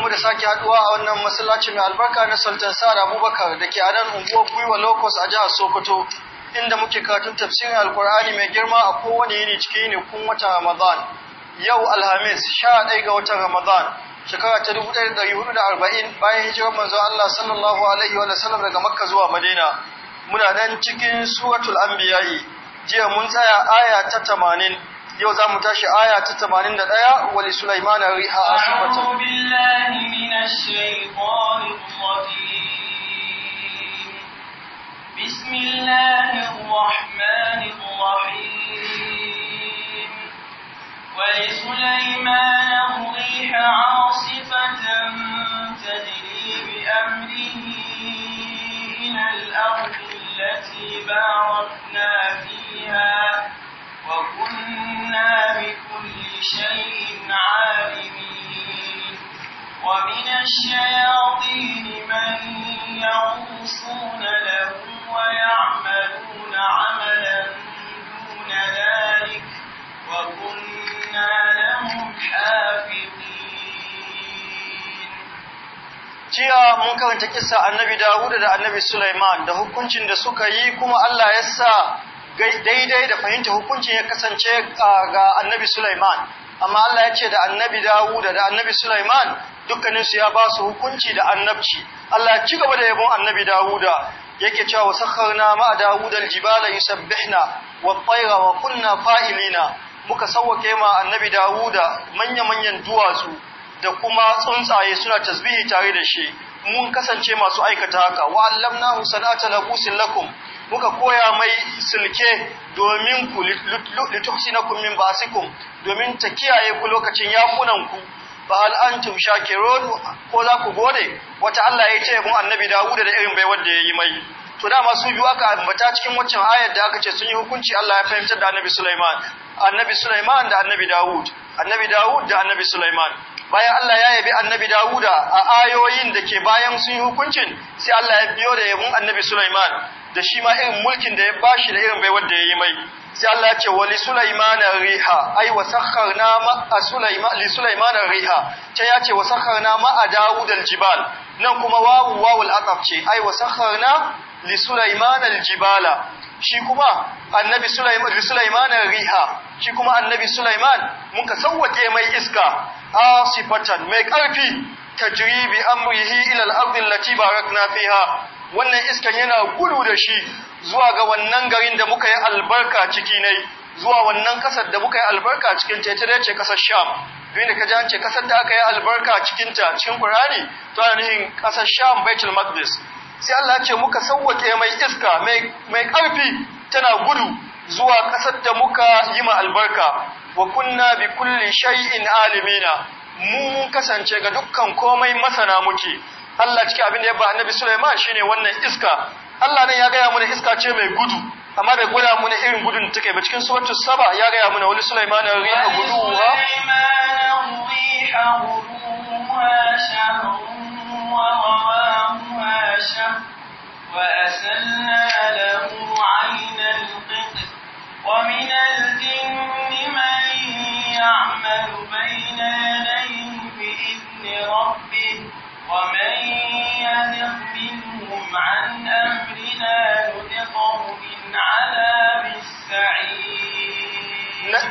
mu da sake haduwa a wannan masallaci mai albarka na Sultan Sa'ad Abubakar da ke a nan unguwar Gwiwa Locos a jihar Sokoto inda muke karatun tafsirin Alkur'ani mai girma a kowane yini cikin yini kun watan Ramadan. Yau Alhamis 11 ga watan Ramadan shekara ta 1440 bayan hijirar manzon Allah sallallahu alaihi wa sallam daga Makka zuwa Madina. Muna nan cikin Suratul Anbiya'i. Jiya mun tsaya aya ta 80 yau za mu tashi aya ta 81 wa li sulaiman riha asifatan a'udhu billahi minash shaitanir rajim bismillahir rahmanir rahim wa li sulaiman riha asifatan tajri bi amrihi ila al-ardi allati barakna fiha وكنا بكل شيء عالمين ومن الشياطين من يغوصون له ويعملون عملا دون ذلك وكنا لهم حافظين jiya mun karanta kissa annabi Dawudu da annabi Sulaiman da hukuncin da suka yi kuma Allah ya sa daidai da fahimta hukuncin ya kasance ga annabi Sulaiman amma Allah ya ce da annabi Dawud da annabi Sulaiman dukkaninsu ya ba su hukunci da annabci Allah ya ci gaba da yabon annabi Dawuda yake cewa wa sakharna ma Dawud aljibala yusabbihna wat-tayra wa kunna fa'ilina muka sawwake ma annabi Dawuda manya-manyan duwatsu da kuma tsuntsaye suna tasbihi tare da shi mun kasance masu aikata haka wa allamnahu sanata labusin lakum muka koya mai silke domin ku lituhsinakum min ba'sikum domin ta kiyaye ku lokacin yafunan ku fa hal shakirun ko za ku gode wata Allah ya ce mun annabi Dawuda da irin bai wadda ya yi mai to dama su biyu aka ambata cikin waccan ayar da aka ce sun yi hukunci Allah ya fahimtar da annabi Sulaiman annabi Sulaiman da annabi Dawud annabi Dawud da annabi Sulaiman bayan Allah ya yabi annabi Dawuda a ayoyin da ke bayan sun yi hukuncin sai Allah ya biyo da yabon annabi Sulaiman da shi ma irin mulkin da ya bashi da irin bai da ya yi mai sai Allah ya ce wa li Sulaiman riha ai wa sakharna ma Sulaiman li Sulaiman riha ce ya ce wa sakharna ma a Dawud al-jibal nan kuma wawu wawul ataf ce ai wa sakharna li Sulaiman al-jibala shi kuma annabi Sulaiman li Sulaiman riha shi kuma annabi Sulaiman muka sawwake mai iska asifatan mai karfi tajribi amrihi ila al-ardi allati barakna fiha wannan iskan yana gudu da shi zuwa ga wannan garin da muka yi albarka ciki ne zuwa wannan kasar da muka yi albarka cikin ce tare ce kasar sham duk da ka ce kasar da aka yi albarka cikin ta cikin qur'ani to ainihin kasar sham baitul maqdis sai Allah ce muka sawwake mai iska mai mai karfi tana gudu zuwa kasar da muka yi ma albarka wa kunna bi kulli shay'in alimina mu kasance ga dukkan komai masana muke Allah cikin abin da ya ba annabi Sulaiman shine wannan iska Allah ne ya gaya muna iska ce mai gudu amma bai gwada muna irin gudun da take ba cikin suratul saba ya gaya muna wali Sulaiman ya ga ya gudu wa ومن الجن من يعمل بين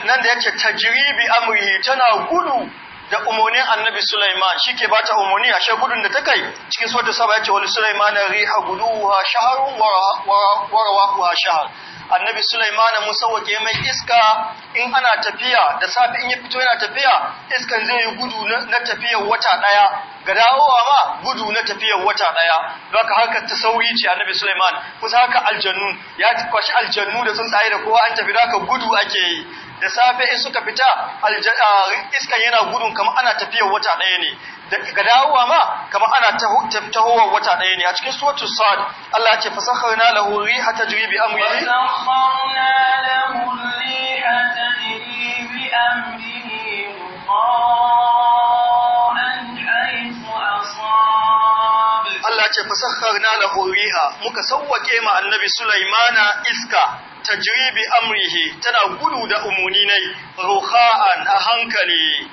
nan da yake tajribi amrihi tana gudu da umoni annabi Sulaiman shi ke ba ta umarni a shagudun da ta kai cikin sautin saba yake wani Sulaiman riha wa wa wa shahar annabi Sulaiman mun sauke mai iska in ana tafiya da safi in ya fito yana tafiya iskan zai yi gudu na tafiyar wata daya ga dawowa ma gudu na tafiyar wata daya haka haka ta sauri ce annabi Sulaiman kusa haka aljannu ya kwashi aljannu da sun tsaye da kowa an tafi haka gudu ake yi da safe in suka fita iskan yana gudun kamar ana tafiyar wata daya ne daga dawowa ma kamar ana tahowa wata ɗaya ne a cikin suwatu sa'ad Allah ya ce fasakharna lahu riha tajri bi amrihi fasakharna lahu riha tajri bi amrihi Allah ya ce fasakharna lahu riha muka sawwake ma annabi Sulaimana iska tajri bi amrihi tana gudu da umuni nai ruha'an a hankali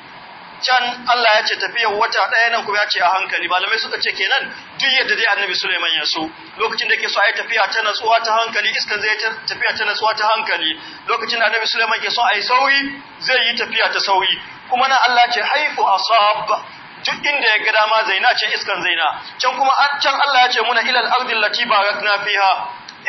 can Allah ya ce tafiyar wata ɗaya nan kuma ya ce a hankali malamai suka ce kenan duk yadda dai annabi Sulaiman ya so lokacin da ke so a yi tafiya ta natsuwa ta hankali iskan zai tafiya ta natsuwa ta hankali lokacin da annabi Sulaiman ke so a yi sauri, zai yi tafiya ta sauri. kuma na Allah ce haifu asab duk inda ya ga dama zaina ce iskan zaina can kuma can Allah ya ce muna ilal ardil lati barakna fiha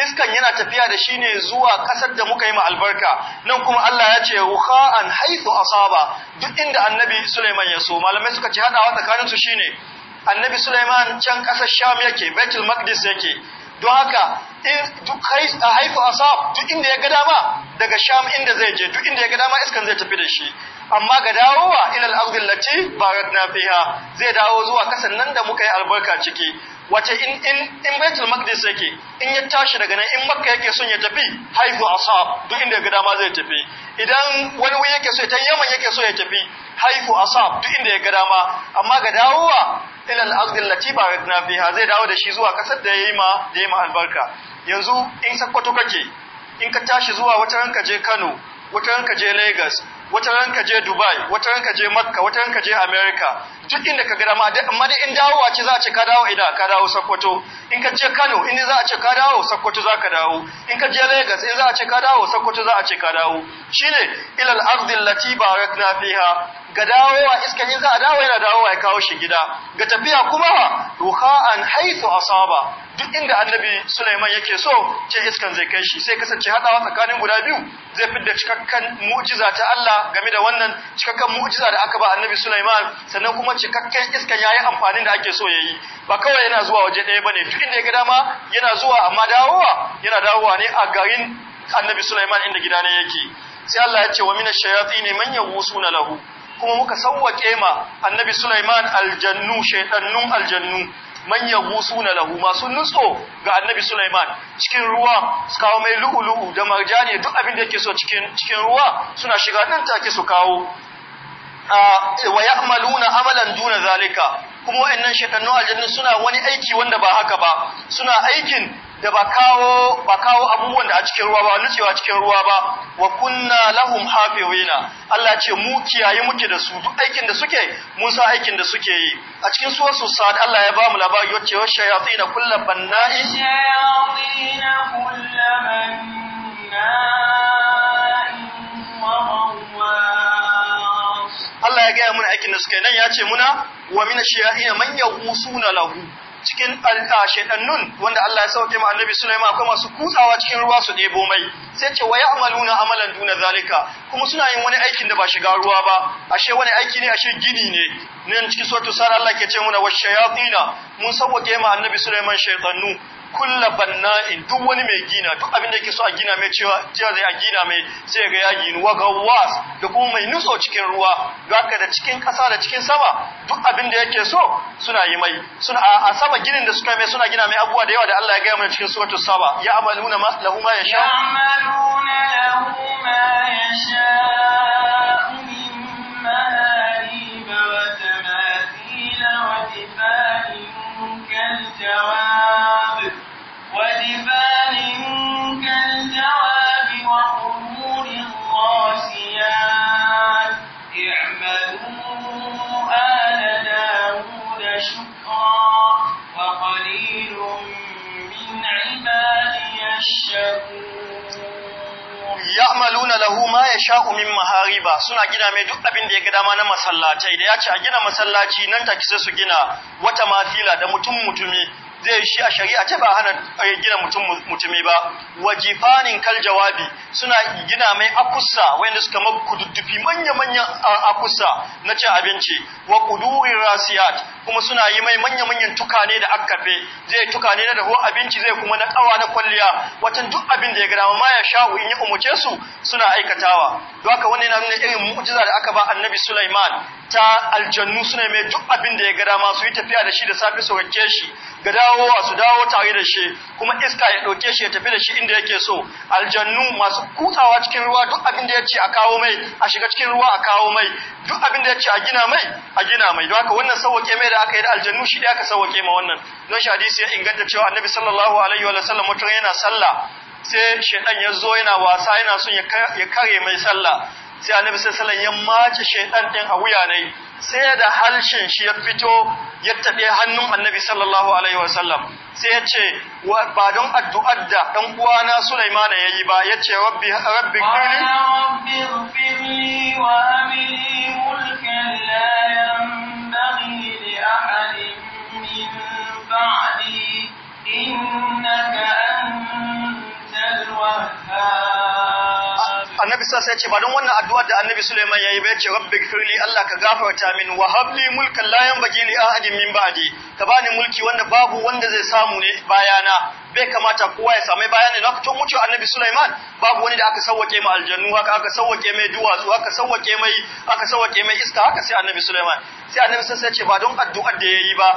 iskan yana tafiya da shi ne zuwa ƙasar da muka yi ma albarka nan kuma Allah ya ce an haithu asaba duk inda annabi Sulaiman ya so malamai suka ce hadawa tsakanin su shine annabi Sulaiman can ƙasar Sham yake Baitul Maqdis yake don haka in duk haithu asab duk inda ya ga dama daga Sham inda zai je duk inda ya ga dama iskan zai tafi da shi amma ga dawowa ilal ardh allati barakna fiha zai dawo zuwa kasan nan da muka yi albarka ciki wace in in in Baitul Maqdis yake in ya tashi daga nan in Makka yake son ya tafi haizu asab duk inda ga dama zai tafi idan wani wani yake so ya tafi Yaman yake so ya tafi haizu asab duk inda ya ga dama amma ga dawowa ila al-ardh allati ba'adna fiha zai dawo da shi zuwa kasar da yayi ma da yayi ma albarka yanzu in sakkwato kake in ka tashi zuwa wata ranka je Kano wata ranka je Lagos wata ran je Dubai wata ran ka je Makka wata ran ka je America duk inda ka ga amma dai in dawowa ce za a ce ka dawo ida ka dawo Sokoto in ka je Kano in za a ce ka dawo Sokoto za ka dawo in ka je Lagos in za a ce ka dawo Sokoto za a ce ka dawo shine ilal ardil lati barakna fiha ga dawowa iska in za a dawo yana dawowa ya kawo shi gida ga tafiya kuma ruha an haythu asaba duk inda annabi Sulaiman yake so ce iskan zai kai shi sai kasance haɗawa tsakanin guda biyu zai fidda cikakken mu'jiza ta Allah game da wannan cikakken mu'jiza da aka ba annabi Sulaiman sannan kuma cikakken iskan yayi amfanin da ake so yayi ba kawai yana zuwa waje ɗaya bane duk inda ya ga dama yana zuwa amma dawowa yana dawowa ne a garin annabi Sulaiman inda gida ne yake sai Allah ya ce wa minash shayatin man yawsuna lahu kuma muka sawwake ma annabi Sulaiman aljannu shaytanun aljannu man na lahu masu nutso ga annabi Sulaiman cikin ruwa su kawo mai lu'ulu'u da marjani duk abin da yake so cikin ruwa suna shiga nan take su kawo wa ya'maluna amalan duna zalika kuma wayannan shaytanu aljannu suna wani aiki wanda ba haka ba suna aikin da ba kawo ba kawo abubuwan da a cikin ruwa ba cewa cikin ruwa ba wa kunna lahum hafiwina Allah ce mu kiyaye muke da su duk aikin da suke mun sa aikin da suke yi a cikin su sa'ad Allah ya ba mu labari yace wa shayatin kullu banna'i shayatin Allah ya gaya mun aikin da suke nan ya ce muna wa min shayatin man yaqusuna lahu cikin shedannun wanda Allah ya sauke ma annabi Sulaiman akwai masu kutsawa cikin ruwa su ɗebo mai sai ce wa ya'maluna amalan duna zalika kuma suna yin wani aikin da ba shiga ruwa ba ashe wani aiki ne ashe gini ne nan cikin suratul sara Allah ke ce muna washayatina mun sauke ma annabi Sulaiman shaytanu kulla in duk wani mai gina duk abin da yake so a gina mai cewa jiya zai a gina mai sai ga ya ginu wa was da kuma mai nutso cikin ruwa haka da cikin kasa da cikin sama duk abin da yake so suna yi mai suna a sama ginin da suka mai suna gina mai abuwa da yawa da Allah ya gaya mana cikin suratul saba ya amaluna ma lahu ma yasha ya amaluna lahu ma yasha ma ya umin mahari ba suna gina mai duk abin da ya ga dama na masallatai da ya ce a gina masallaci nan ta kisa su gina wata mafila da mutum mutumi zai shi a shari'a ce ba hana eh, gina mutum mutumi ba wajifanin kal jawabi suna gina mai akusa wanda suka mabkududdufi manya-manyan akusa na cin abinci wa kudurin rasiyat kuma suna yi mai manya-manyan tukane da akkafe zai tukane na dahuwa abinci zai kuma na kawa na kwalliya watan duk abin da ya gada ma ya shahu in ya umarce su suna aikatawa don haka wannan yana nuna irin mu'jiza da aka ba annabi Sulaiman ta aljannu suna mai duk abin da ya gada masu yi tafiya da shi da safe su wake shi ga dawowa su dawo tare da shi kuma iska ya ɗauke shi ya tafi da shi inda yake so aljannu masu kutsawa cikin ruwa duk abin da ya ce a kawo mai a shiga cikin ruwa a kawo mai duk abin da ya ce a gina mai a gina mai don haka wannan sauwake mai da aka yi da aljannu shi da aka sauwake ma wannan don shi hadisi ya inganta cewa annabi sallallahu alaihi wa sallam mutum yana sallah sai shaidan ya zo yana wasa yana son ya kare mai sallah sai annabi sallallahu ya mace shaytan din a wuya ne sai da halshin shi ya fito ya tabe hannun annabi sallallahu alaihi wasallam sai ya ce ba don addu'ar da dan uwana Sulaiman ya yi ba ya ce rabbi rabbi qili rabbi wa amili mulkan la annabi sallallahu alaihi ya ce ba don wannan addu'a da annabi Sulaiman yayi ba ce rabbi firli Allah ka gafarta min wa habli mulkan la yanbaghi li ahadin min ba'di ka bani mulki wanda babu wanda zai samu ne bayana bai kamata kowa ya samu bayani na fito mutu annabi Sulaiman babu wani da aka sauwake mai aljannu haka aka sauwake mai duwatsu aka sauwake mai aka mai iska haka sai annabi Sulaiman sai annabi sai ya ce ba don addu'ar da yayi ba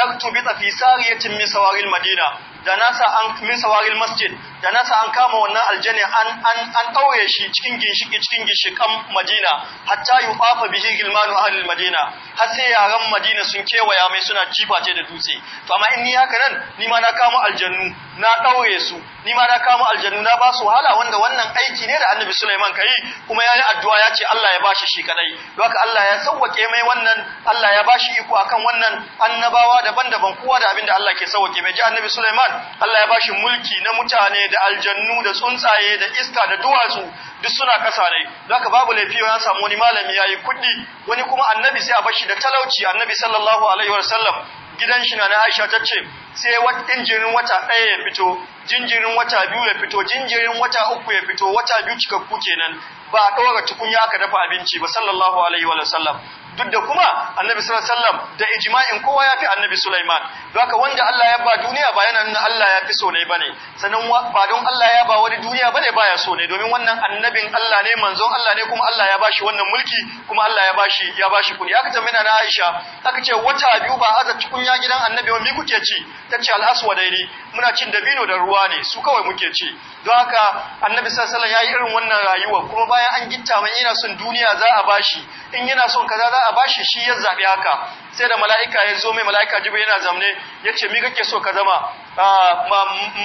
laktu bi tsafi sariyatin min sawaril madina da nasa an min sawaril masjid da nasa an kama wannan aljani an an an shi cikin ginshiki cikin ginshikan Madina hatta yufafa bihi gilmanu ahlil Madina har sai yaran Madina sun kewaya mai suna jifa ce da dutse to amma in haka nan ni ma na kama aljannu na daure su ni ma na kama aljannu na ba su wahala wanda wannan aiki ne da annabi Sulaiman kai kuma ya yi addu'a ya ce Allah ya bashi shi kadai doka Allah ya sauwake mai wannan Allah ya bashi iko akan wannan annabawa daban-daban kowa da abin da Allah ke sauwake mai ji annabi Sulaiman Allah ya bashi mulki na mutane da aljannu da tsuntsaye da iska da duwatsu duk suna kasa ne doka babu laifi ya samu wani malami yayi kuɗi wani kuma annabi sai a bashi da talauci annabi sallallahu alaihi wasallam gidan shi na na Aisha ta ce sai jinjirin wata ɗaya ya fito jinjirin wata biyu ya fito jinjirin wata uku ya fito wata biyu cikakku kenan ba a ɗora tukunya aka dafa abinci ba sallallahu alaihi wa sallam duk da kuma annabi sallallahu alaihi wasallam da ijma'in kowa ya fi annabi Sulaiman haka wanda Allah ya ba duniya ba yana nuna Allah ya fi so ne bane sanan ba don Allah ya ba wani duniya bane baya so ne domin wannan annabin Allah ne manzon Allah ne kuma Allah ya bashi wannan mulki kuma Allah ya bashi ya bashi kuni aka tambaya na Aisha aka ce wata biyu ba aza tukunya gidan annabi wa mi kuke ci ce al-aswadai ne muna cin dabino da ruwa ne su kawai muke ci don haka annabi sallallahu alaihi wasallam yayi irin wannan rayuwa kuma bayan an gitta man yana son duniya za a shi in yana son kaza za a bashi shi ya zabi haka sai da mala'ika ya zo mai mala'ika jibu yana zamne ya ce mi kake so ka zama ah,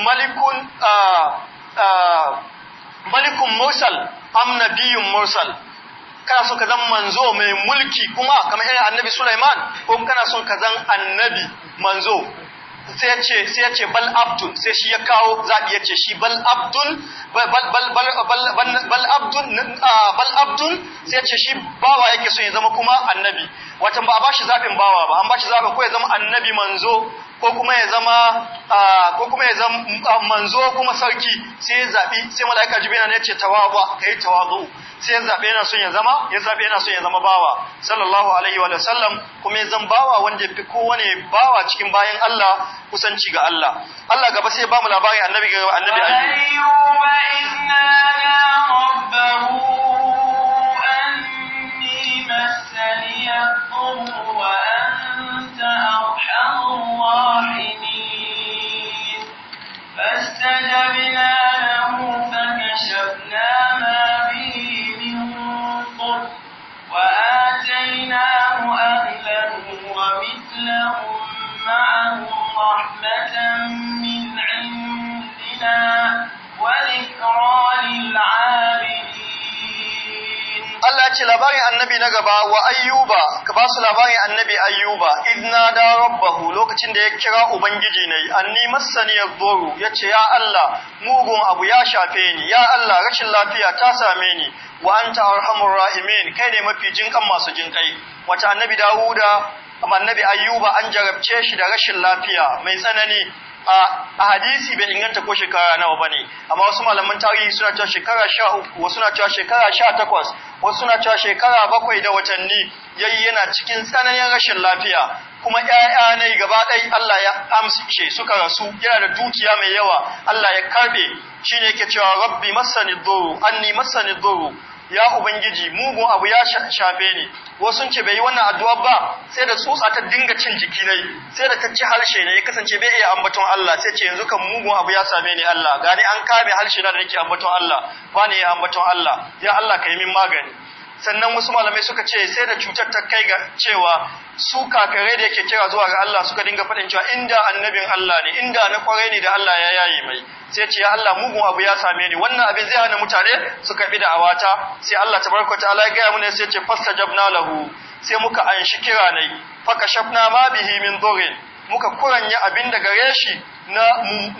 malikun ah, ah, malikun mursal amnabiyun biyun mursal kana so ka zan manzo mai mulki kuma kamar irin annabi Sulaiman ko kana so ka zan annabi manzo sai ce sai ce bal abdun sai shi ya kawo zabi ce shi bal abdun bal bal bal bal abdun bal abdun sai ce shi bawa yake so ya zama kuma annabi wato ba a bashi zabin bawa ba an bashi zabin ko ya zama annabi manzo ko kuma ya zama ko kuma ya zama manzo kuma sarki sai ya zabi sai malaika jibina ne ce tawaba kai tawazu sai ya zabe yana son ya zama ya zabe yana son ya zama bawa sallallahu alaihi wa sallam kuma ya zama bawa wanda ya fi kowane bawa cikin bayan Allah kusanci ga Allah Allah gaba sai ya ba mu labarin annabi ga annabi ayyuba ya rabbahu anni أرحم فاستجبنا له فكشفنا ما به من ضر وآتيناه أهله ومثلهم معهم رحمة من عندنا وذكرى للعابدين Allah ce labarin annabi na gaba wa ayyuba ka ba su labarin annabi ayyuba idna da rabbahu lokacin da ya kira ubangiji ne anni massani yadhuru ce ya Allah mugun abu ya shafe ni ya Allah rashin lafiya ta same ni wa anta arhamur rahimin kai ne mafi jinkan masu jinkai wata annabi Dawuda annabi ayyuba an jarabce shi da rashin lafiya mai tsanani a hadisi bai inganta ko shekara nawa ba ne amma wasu malaman tarihi suna cewa shekara sha wasu suna cewa shekara sha takwas wasu suna cewa shekara bakwai da watanni yayi yana cikin tsananin rashin lafiya kuma ‘ya'ya ne gaba ɗaya Allah ya amsce suka rasu yana da dukiya mai yawa Allah ya karɓe shine ne yake cewa rabbi masani dhuru anni masani dhuru ya ubangiji mugun abu ya shafe ni wasu sun ce bai yi wannan addu'a ba sai da tsutsa ta dinga cin jiki ne sai da ta ci harshe ne ya kasance bai iya ambaton Allah sai ce yanzu kan mugun abu ya same ni Allah gani an kame harshe na da nake ambaton Allah ba ne ya ambaton Allah ya Allah ka yi min magani sannan wasu malamai suka ce sai da cutar ta kai ga cewa su kakare da yake kira zuwa ga Allah suka dinga faɗin cewa inda annabin Allah ne inda na kwarai ne da Allah ya yayi mai sai ce ya Allah mugun abu ya same ni wannan abin zai hana mutane su bi da awata sai Allah tabaraka ta'ala ya gaya mana sai ce fastajabna lahu sai muka anshi kira nai fakashafna ma bihi min dhurin muka kuranya abin da gare shi na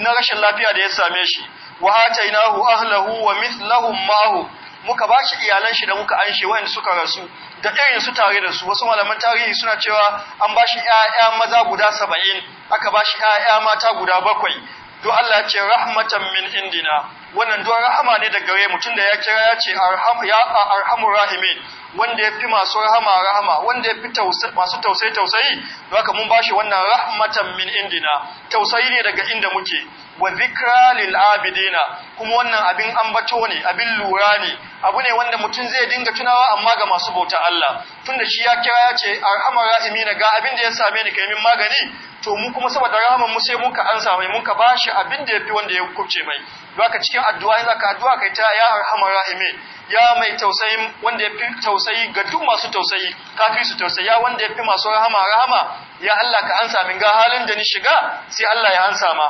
na rashin lafiya da ya same shi wa atainahu ahlahu wa mithlahum ma'ahu muka bashi iyalan shi da muka anshe wayanda suka rasu da irin su tare da su wasu malaman tarihi suna cewa an ba shi ƴaƴa maza guda saba'in, aka bashi ƴaƴa mata guda bakwai do Allah ce rahmatan min indina wannan don rahama ne da gare mu tunda ya kira ya ce arham ya arhamur rahimin wanda ya fi masu rahama rahama wanda ya fi masu tausayi tausayi don haka mun bashi wannan rahmatan min indina tausayi ne daga inda muke wa zikra lil abidina kuma wannan abin ambato ne abin lura ne abu ne wanda mutum zai dinga tunawa amma ga masu bauta Allah tunda shi ya kira ya ce arhamar rahimina ga abin da ya same ni kai min magani to mu kuma saboda rahaman mu sai muka ansa mai muka bashi abin da yafi wanda ya kuce mai haka cikin addu'a in zaka addu'a kai ta ya arhamar rahimin ya mai tausayin wanda ya fi tausayi ga duk masu tausayi ka fi su tausayi ya wanda ya fi masu rahama rahama ya Allah ka ansa min ga halin da ni shiga sai Allah ya ansa ma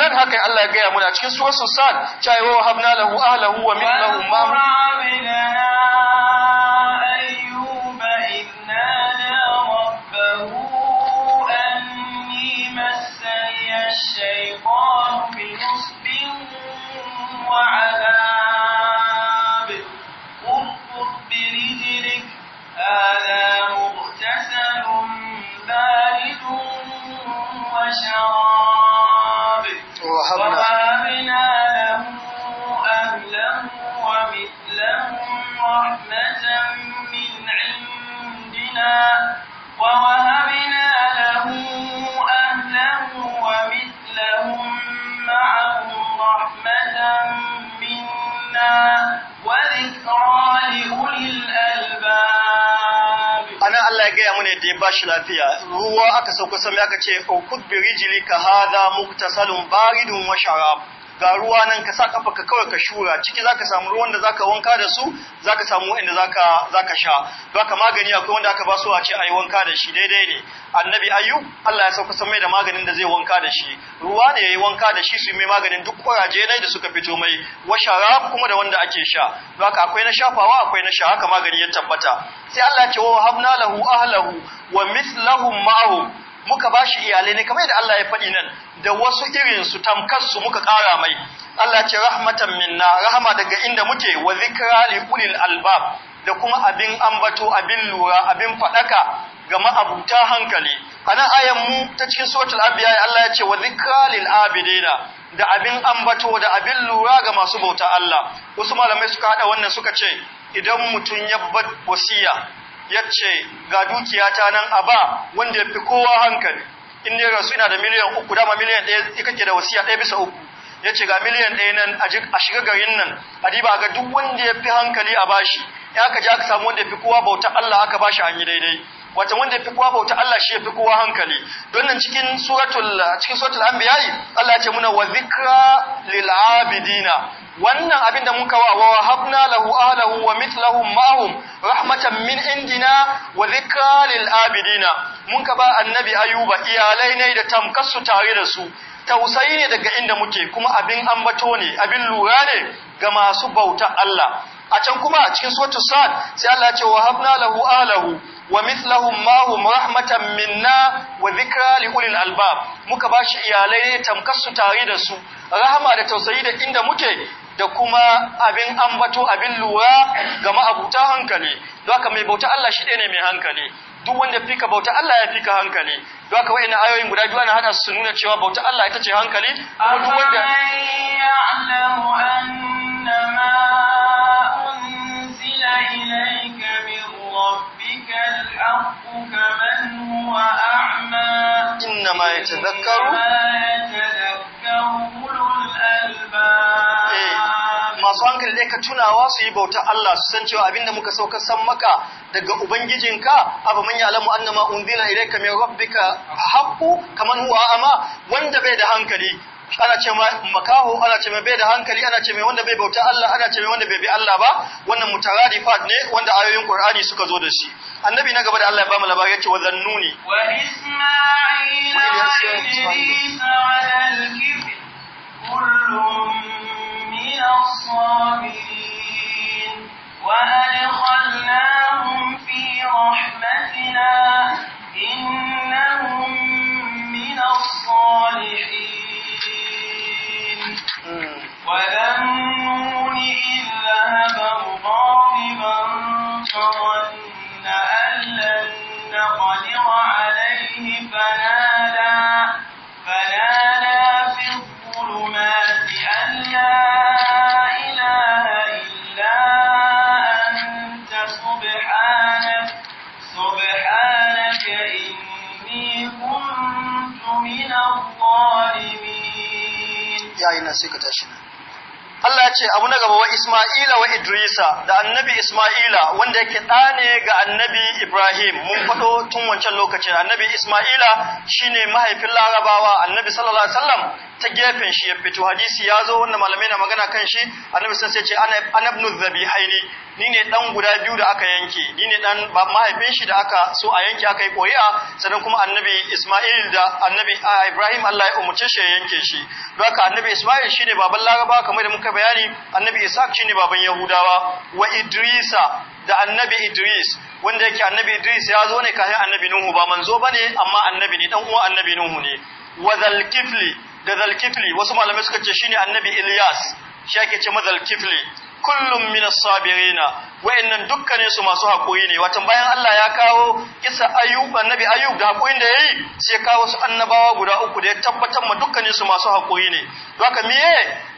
nan haka Allah ya gaya muna cikin suratul sad cha wa habna lahu ahlahu wa min lahum ma الشيطان وهبنا وهبنا له أهلا ومثلهم رحمة من عندنا وذكرى لأولي الألباب gaya mu ne da ya ba shi lafiya ruwa aka sauka sami aka ce birijili ka hada muktasalun baridun wa sharab ga ruwa nan ka sa kafa ka kawai ka shura ciki zaka samu ruwan da zaka wanka da su zaka samu inda zaka zaka sha don haka magani akwai wanda aka ba su a ce ayi wanka da shi daidai ne annabi ayyub Allah ya sauka san mai da maganin da zai wanka da shi ruwa ne yayi wanka da shi su mai maganin duk kuraje ne da suka fito mai wa sharab kuma da wanda ake sha don haka akwai na shafawa akwai na sha haka magani ya tabbata sai Allah ya ce wa habna lahu ahlahu wa mithluhum ma'ahum muka ba shi iyalai ne kamar yadda Allah ya faɗi nan da wasu irin su tamkar su muka ƙara mai Allah ce rahmatan minna rahama daga inda muke wa zikra li ulil albab da kuma abin ambato abin lura abin faɗaka ga ma'abuta hankali ana ayan mu ta cikin suratul anbiya Allah ya ce wa zikra lil abidina da abin ambato da abin lura ga masu bauta Allah wasu malamai suka hada wannan suka ce idan mutun ya bar wasiya Yace ce ga dukiyata nan a ba wanda ya fi kowa hankali in ne rasu ina da miliyan uku dama miliyan ɗaya kake da wasiya ɗaya bisa uku yace ga miliyan ɗaya nan a shiga garin nan a diba ga duk wanda ya fi hankali a bashi ya ka ji aka samu wanda ya fi kowa bauta Allah aka bashi an yi daidai wata wanda ya fi kowa bauta Allah shi ya fi kowa hankali don nan cikin suratul cikin Allah ya ce muna wa zikra lil abidina wannan abin da muka wa wa habna lahu ahlahu wa mithlahum ma'hum rahmatan min indina wa zikra lil abidina mun ka ba annabi ayuba iyalai ne da tamkasu tare da su tausayi ne daga inda muke kuma abin ambato ne abin lura ne ga masu bauta Allah a can kuma a cikin suratul sad sai Allah ya ce wa habna lahu alahu wa mithlahum ma'hum rahmatan minna wa dhikra li ulil albab muka bashi iyalai tamkasu tare da su rahama da tausayi da inda muke da kuma abin ambato abin lura ga ma'abuta hankali don haka mai bauta Allah shi ne mai hankali duk wanda fika bauta Allah ya fika hankali don haka wa'annan ayoyin guda biyu ana hada su nuna cewa bauta Allah ita ce hankali kuma duk wanda yatazakkaru masu hankali ne ka tunawa su yi bauta Allah su san cewa abinda muka sauka san maka daga ubangijinka abu man ya'lamu annama unzila ilayka min rabbika haqqu kaman huwa ama wanda bai da hankali ana ce makahu ana ce mai bai da hankali ana ce mai wanda bai bauta Allah ana ce mai wanda bai bi Allah ba wannan mutaradifat ne wanda ayoyin Qur'ani suka zo da shi annabi na gaba da Allah ya ba mu labari ce wa zannuni wa isma وإبليس على الكبر كل من الصابرين وأدخلناهم في رحمتنا إنهم من الصالحين وذنون إذ ذهب مغاضبا فظن فنادى فنادى في الظلمات أن لا إله إلا أنت سبحانك سبحانك إني كنت من الظالمين يا إنا سكت أشنا Allah ce abu na gaba wa Isma'ila wa Idrisa da annabi Isma'ila wanda yake ɗa ga annabi Ibrahim mun faɗo tun wancan lokacin annabi Isma'ila shine mahaifin Larabawa annabi sallallahu alaihi wasallam ta gefen shi ya fito hadisi ya zo wanda malamai na magana kan shi annabi sun sai ce anabnu zabihaini ni ne dan guda biyu da aka yanke ni ne dan mahaifin shi da aka so a yanke aka yi a sannan kuma annabi isma'il da annabi ibrahim Allah ya umarci shi ya yanke shi don haka annabi isma'il shine baban laraba kamar da muka bayani annabi isaac shine baban yahudawa wa idrisa da annabi idris wanda yake annabi idris ya zo ne kafin annabi nuhu ba manzo bane amma annabi ne dan uwa annabi nuhu ne wa zalkifli da zalkifli wasu malamai suka ce ne annabi Ilyas shi ake ce mazalkifli kullum minas sabirina wa'annan dukkanin su masu haƙuri ne watan bayan Allah ya kawo kisa ayyub annabi ayyub da haƙoyin da yayi sai ya kawo su annabawa guda uku da ya tabbatar ma dukkanin su masu haƙuri ne haka miye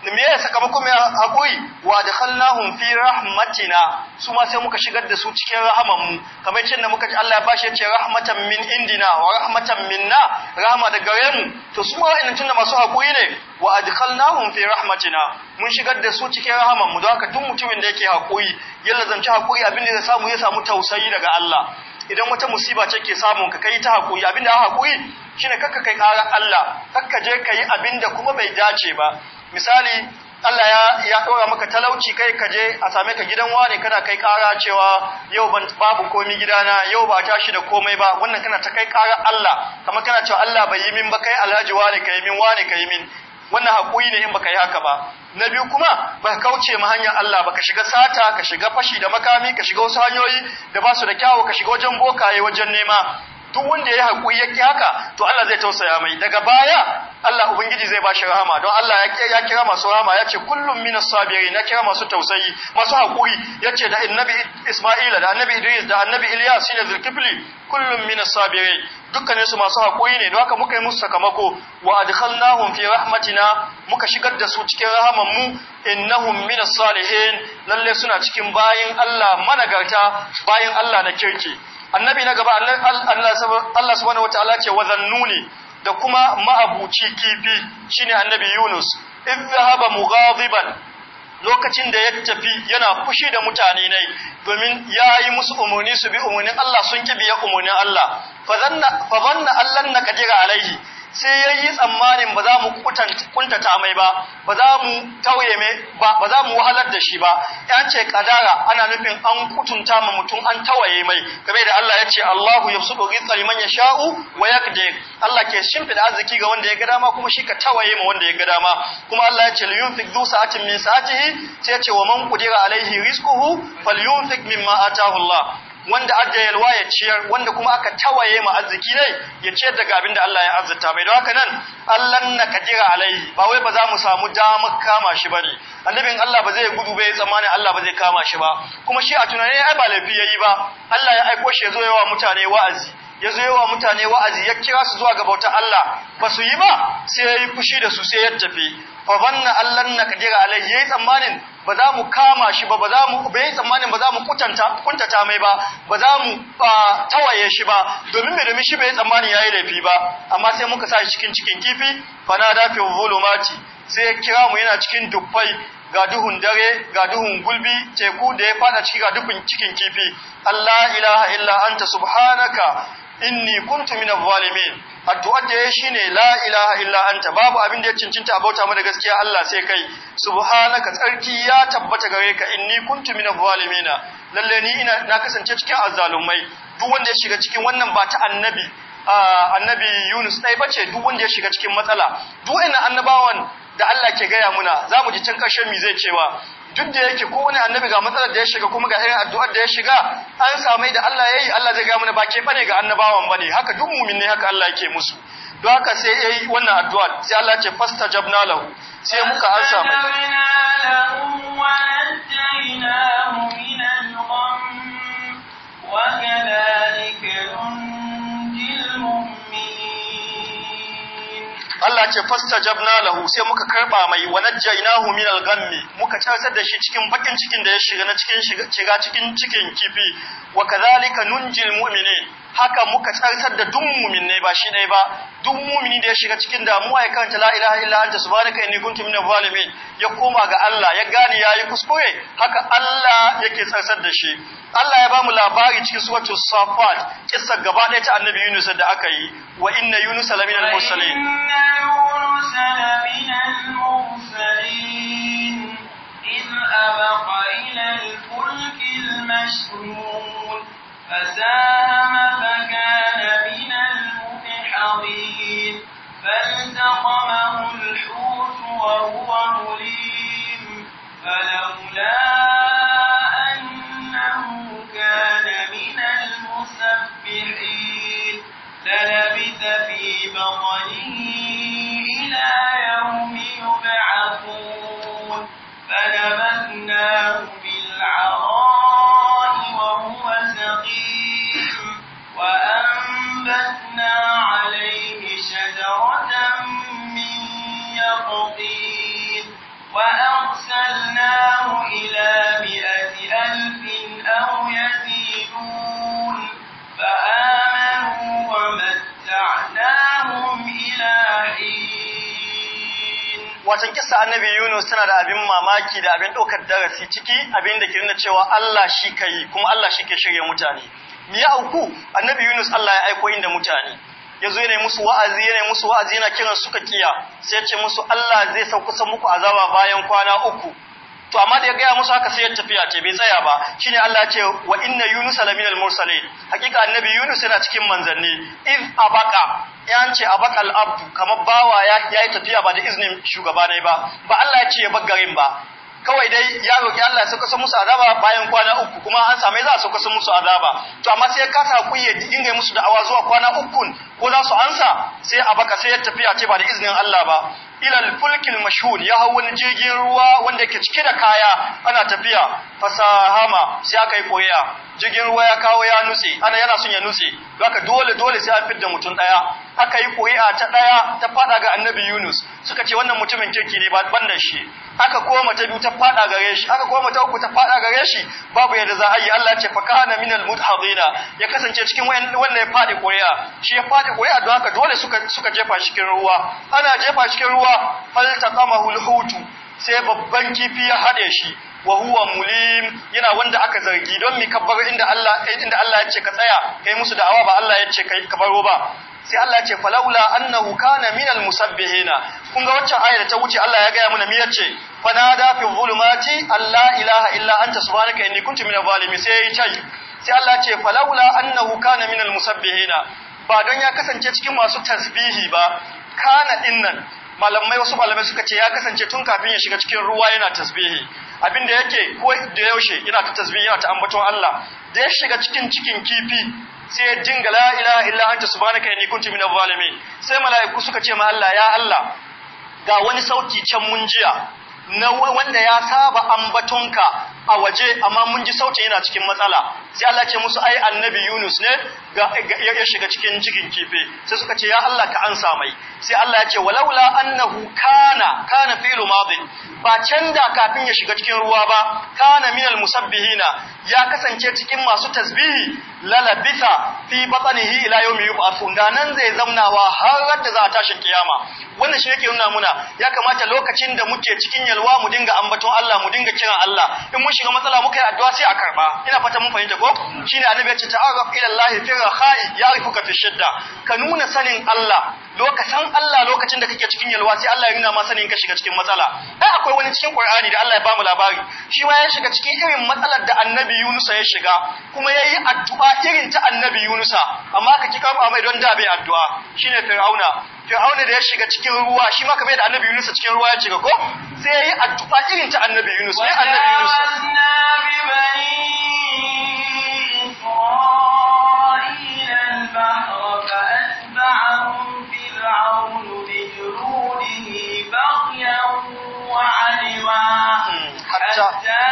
miye sakamakon mai haƙuri wa da khallahum fi rahmatina su ma sai muka shigar da su cikin rahaman mu kamar yadda muka ji Allah ya bashi ya ce rahmatan min indina wa rahmatan minna rahma da gare mu to su ma wa'annan tunda masu haƙuri ne wa adkhalnahum fi rahmatina mun shigar da su cikin rahaman mu don haka duk mutumin da yake haƙoyi yalla lazanci hakuri abin da zai samu ya samu tausayi daga Allah idan wata musiba ce ke samu ka kai ta hakuri abin da hakuri shine kakka kai karar Allah kakka je kai abin da kuma bai dace ba misali Allah ya ya dora maka talauci kai ka je a same ka gidan wani kana kai kara cewa yau ban babu komai gidana yau ba tashi da komai ba wannan kana ta kai kara Allah kamar kana cewa Allah bai yi min ba kai alhaji wani kai min wani kai min wannan hakuri ne in baka yi haka ba na biyu kuma baka kauce ma hanyar Allah ba. Ka shiga sata ka shiga fashi da makami ka shiga wasu hanyoyi da ba su da kyawu ka shiga wajen bokaye wajen nema duk wanda ya haƙuri ya ƙi haka to Allah zai tausaya mai daga baya Allah ubangiji zai ba shi rahama don Allah ya kira masu rahama ya ce kullum minas sabiri na kira masu tausayi masu haƙuri yace da annabi Isma'ila da annabi Idris da annabi Ilyas shine Zulkifli kullum minas sabiri dukkanin su masu haƙuri ne don haka muka yi musu sakamako wa adkhalnahum fi rahmatina muka shigar da su cikin rahaman mu innahum minas salihin lalle suna cikin bayin Allah managarta bayin Allah na kirki annabi na gaba Allah subhanahu wataala ce nuni da kuma ma'abuci kifi shine annabi Yunus in zahaba mughadiban lokacin da ya tafi yana fushi da mutane ne domin ya yi musu umarni su bi umarnin Allah sun kibiya umarnin Allah fa zanna fa zanna allan nakadira alaihi sai ya yi tsammanin ba za mu kuntata mai ba ba za mu tauye mai ba ba za mu wahalar da shi ba ya ce kadara ana nufin an kutunta ma mutum an tawaye mai game da Allah ya ce Allahu yabsutu rizqa liman yasha'u wa yaqdir Allah ke shimfida arziki ga wanda ya ga dama kuma shi ka tawaye ma wanda ya ga dama kuma Allah ya ce li yunfiq sa'atin min sa'atihi sai ya ce wa man qudira alaihi rizquhu falyunfiq mimma ataahu Allah wanda aka yalwa ya ciyar wanda kuma aka tawaye mu arziki ne ya ciyar daga abin da Allah ya azurta mai don haka nan Allah na kadira alai ba wai ba za mu samu damar kama shi bane annabin Allah ba zai gudu bai tsammani Allah ba zai kama shi ba kuma shi a tunani ai ba laifi yayi ba Allah ya aiko shi ya zo yawa mutane wa'azi ya zo yawa mutane wa'azi ya kira su zuwa ga bautar Allah ba su yi ba sai ya yi fushi da su sai ya tafi fa banna allan na kadira alai yayi tsammanin ba za mu kama shi ba ba za mu bai tsammanin ba za mu kutanta kuntata mai ba ba za mu tawaye shi ba domin me domin shi bai tsammanin yayi laifi ba amma sai muka sa shi cikin cikin kifi fa na da fi hulumati sai ya kira mu yana cikin dubbai ga duhun dare ga duhun gulbi teku da ya fada ciki ga duhun cikin kifi Allah ilaha illa anta subhanaka inni kuntu min al zalimin addu'ar da yayi shine la ilaha illa anta babu abin da ya cincinta abauta mu da gaskiya Allah sai kai subhanaka tsarki ya tabbata gare ka inni kuntu min al zalimin lalle ni ina na kasance cikin azzalumai duk wanda ya shiga cikin wannan ba ta annabi annabi Yunus dai bace duk wanda ya shiga cikin matsala duk ina annabawan da Allah ke gaya muna zamu ji can ƙarshen mi zai cewa duk da yake kowane annabi ga matsalar da ya shiga kuma ga irin addu'ar da ya shiga an samai da Allah yi Allah zai ga mana ba ke bane ga annabawan bane haka duk mu'min ne haka Allah yake musu don haka sai yayi wannan addu'a sai Allah ce na lahu sai muka an mai Allah ce fastajabna lahu sai muka karba mai wa najjaynahu min al-ghammi muka casar da shi cikin bakin cikin da ya shiga na cikin shiga cikin cikin kifi wa kadhalika nunjil mu'minin haka muka tsartar da duk ne ba shi ɗaya ba duk mu'mini da ya shiga cikin damuwa ya karanta la ilaha illa anta subhanaka inni kuntu minadh zalimin ya koma ga Allah ya gane yayi kuskure haka Allah yake tsarsar da shi Allah ya ba mu labari cikin suratul safat kissa gaba ɗaya ta annabi Yunus da aka yi wa inna Yunus laminal mursalin mursalin فساهم فكان من المتحضين فالتقمه الحوت وهو مليم فلولا أنه كان من المسبحين للبث في بطنه إلى يوم يبعثون فنبثناه san kisa annabi Yunus tana da abin mamaki da abin ɗaukar darasi ciki abin da ke nuna cewa Allah shi ka yi kuma Allah shi ke shirya mutane. Me ya auku annabi Yunus Allah ya aiko inda mutane. Ya zo yana musu wa'azi yana musu wa'azi yana kiran suka kiya sai ya ce musu Allah zai sauka muku azaba bayan kwana uku. To amma da ya gaya musu haka sai ya tafiya ce bai tsaya ba shine Allah ya ce wa inna Yunus laminal mursalin hakika annabi Yunus yana cikin manzanni iz abaka yan a bakal abdu kamar bawa ya yi tafiya ba da iznin shugaba ne ba ba Allah ya ce ya bar garin ba kawai dai ya roki Allah ya su musu azaba bayan kwana uku kuma an same za a musu azaba to amma sai ya kasa hakuri ya ga musu da'awa zuwa kwana uku ko za su ansa sai abaka sai ya tafiya ce ba da iznin Allah ba ila al-fulkil ya hawo wani jirgin ruwa wanda yake cike da kaya ana tafiya fasahama sai aka yi koyya jirgin ruwa ya kawo ya nutse ana yana son ya nutse haka dole dole sai an da mutum daya aka yi koyya ta daya ta fada ga annabi Yunus suka ce wannan mutumin kirki ne ba banda shi aka koma ta biyu ta fada gare shi aka koma ta uku ta fada gare shi babu yadda za a yi Allah ce fa kana minal mudhadina ya kasance cikin wannan ya fadi koyya shi ya fadi koyya don haka dole suka suka jefa cikin ruwa ana jefa cikin ruwa falta kama hulhutu sai babban kifi ya hade shi wa huwa mulim yana wanda aka zargi don mi kabbar inda Allah inda Allah ya ce ka tsaya kai musu da'awa ba Allah ya ce kai ka baro ba sai Allah ya ce falaula annahu kana minal musabbihina kun ga waccan ayata da ta wuce Allah ya gaya mana mi yace fanada fi zulumati alla ilaha illa anta subhanaka inni kuntu minal zalimin sai ya ce sai Allah ya ce falaula annahu kana minal musabbihina ba don ya kasance cikin masu tasbihi ba kana dinnan malamai wasu malamai suka ce ya kasance tun kafin ya shiga cikin ruwa yana tasbihi abin da yake ko da yaushe yana ta tasbihi yana ta ambaton Allah da ya shiga cikin cikin kifi sai ya dinga la ilaha illa anta subhanaka inni kuntu minadh zalimin sai mala'iku suka ce ma Allah ya Allah ga wani sauki can mun jiya na wanda ya saba ambatonka a waje amma mun ji sautin yana cikin matsala sai Allah ce musu ai annabi Yunus ne ya shiga cikin cikin kife sai suka ce ya Allah ka ansa mai sai Allah ya ce walaula annahu kana kana fi'lu madin ba canda kafin ya shiga cikin ruwa ba kana minal musabbihina ya kasance cikin masu tasbihi lalabitha fi batnihi ila yawmi yub'athun da nan zai zamnawa har da za a tashin kiyama wannan shi yake nuna muna ya kamata lokacin da muke cikin yalwa mu dinga ambaton Allah mu dinga kiran Allah in mun shiga matsala muka yi addu'a sai a karba ina fata mun fahimta ko shine annabi ya ce ta'arraf ila Allah fi kana kha'i ya'rifuka fi shidda ka nuna sanin Allah lokacin Allah lokacin da kake cikin yalwa sai Allah ya nuna ma sanin ka shiga cikin matsala ai akwai wani cikin Qur'ani da Allah ya bamu labari shi ma ya shiga cikin irin matsalar da Annabi Yunus ya shiga kuma yayi addu'a irin ta Annabi Yunus amma ka kika ba mai don da bai addu'a shine Fir'auna Fir'auna da ya shiga cikin ruwa shi ma bai da Annabi Yunus cikin ruwa ya shiga ko sai yayi addu'a irin ta Annabi Yunus sai Annabi Yunus 上。Yeah.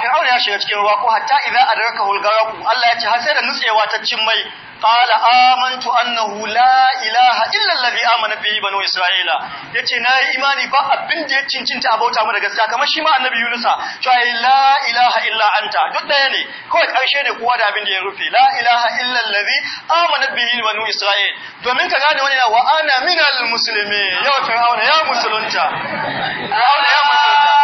fir'aun ya shiga cikin ruwa ko hatta idan adraka hulgaraku Allah ya ce har sai da nutsewa ta cin mai qala amantu annahu la ilaha illa allazi amana bihi banu isra'ila yace na yi imani ba abin da ya cincinta a bauta mu da gaskiya kamar shi ma annabi yunusa cewa la ilaha illa anta duk daya ne kawai karshe ne kowa da abin da ya rufe la ilaha illa allazi amana bihi banu isra'il domin ka gane wani wa ana minal muslimin yau fir'auna ya musulunta ya musulunta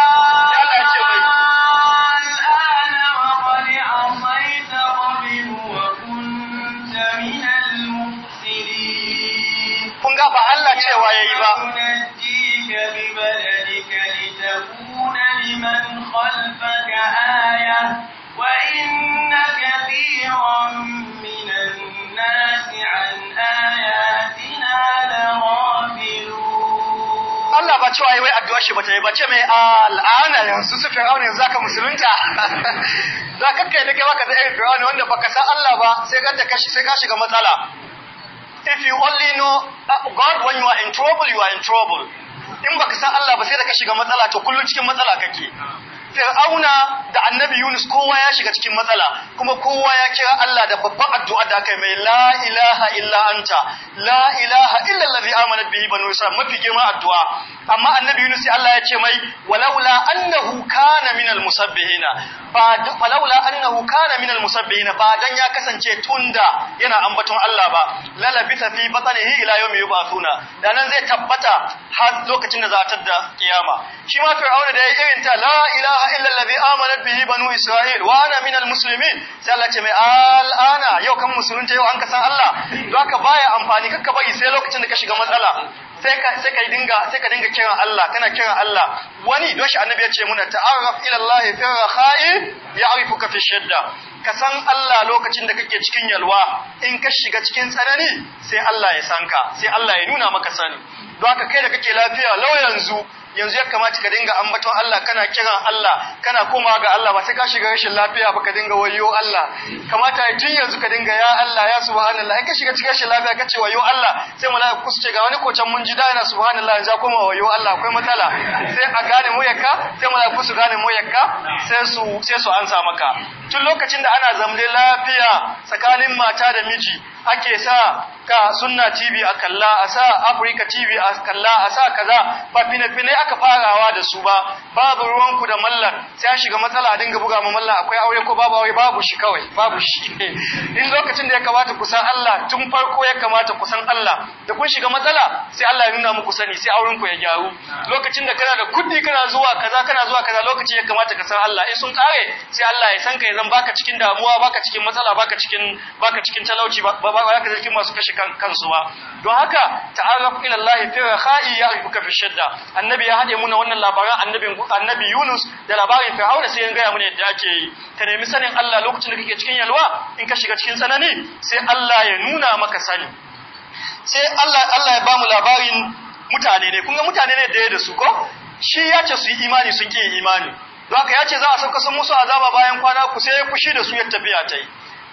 rantsuwa yayi ba Allah ba cewa wai addu'a shi ba ta yi ba ce mai al'ana ah, yanzu su fir'auna yanzu zaka musulunta za ka kai da kai baka da irin fir'auna wanda baka san Allah ba sai ka kashi sai ka shiga matsala if you only know uh, God when you are in trouble you are in trouble in baka san Allah ba sai da ka shiga matsala to kullun cikin matsala kake fir'auna da annabi yunus kowa ya shiga cikin matsala kuma kowa ya kira Allah da babban addu'a da aka yi mai la ilaha illa anta la ilaha illa allazi amanat bihi banu isra'il mafi girma addu'a amma annabi yunus sai Allah ya ce mai walaula annahu kana minal musabbihina ba walaula annahu kana ba dan ya kasance tunda yana ambaton Allah ba lalabita fi batnihi ila yawmi yub'athuna dan nan zai tabbata har lokacin da za ta da kiyama shi ma fir'auna da ya irin ta la ilaha illa allazi amanat bihi banu isra'il wa ana minal muslimin sai Allah ce mai al'ana yau kan musulunta yau an ka san Allah don haka baya amfani kakka bari sai lokacin da ka shiga matsala sai ka sai ka dinga sai ka dinga kiran Allah kana kiran Allah wani don shi annabi ya ce muna ta'arraf ila Allah fi rakha'i ya'rifuka fi shidda ka san Allah lokacin da kake cikin yalwa in ka shiga cikin tsanani sai Allah ya san ka sai Allah ya nuna maka sani don haka kai da kake lafiya lau yanzu yanzu ya kamata ka dinga ambaton Allah kana kiran Allah kana kuma ga Allah ba sai ka shiga rashin lafiya ba ka dinga wayo Allah kamata tun yanzu ka dinga ya Allah ya subhanallah ai ka shiga cikin rashin lafiya ka ce wayo Allah sai malaiku su ce ga wani kocan mun ji da ina subhanallah ya kuma wayo Allah akwai matsala sai a gane mu yakka sai malaiku su gane mu yakka sai su sai su ansa maka tun lokacin da ana zamle lafiya tsakanin mata da miji ake sa ka sunna TV a kalla a sa Africa TV a kalla a sa kaza ba fina-finai aka farawa da su ba babu ruwanku da mallar sai shiga matsala a dinga buga ma mallar akwai aure ko babu aure babu shi kawai babu shi in lokacin da ya kamata ku san Allah tun farko ya kamata ku san Allah da kun shiga matsala sai Allah ya nuna muku sani sai auren ya gyaru lokacin da kana da kuɗi kana zuwa kaza kana zuwa kaza lokacin ya kamata ka san Allah in sun kare sai Allah ya san ka ya zan baka cikin damuwa baka cikin matsala baka cikin baka cikin talauci ba ba ba ka cikin masu kashe kansu ba don haka ta'arraf ila Allah fi rakhai ya'rifuka fi shadda annabi ya hade muna wannan labarin annabin annabi Yunus da labarin Fir'auna sai ya ga mun yadda da ake yi ka nemi sanin Allah lokacin da kake cikin yalwa in ka shiga cikin tsanani sai Allah ya nuna maka sani sai Allah Allah ya bamu labarin mutane ne kun mutane ne da ya da su ko shi ya ce su yi imani sun ki imani don haka ya ce za a sauka sun musu azaba bayan kwana ku sai ya kushi da su ya tafiya ta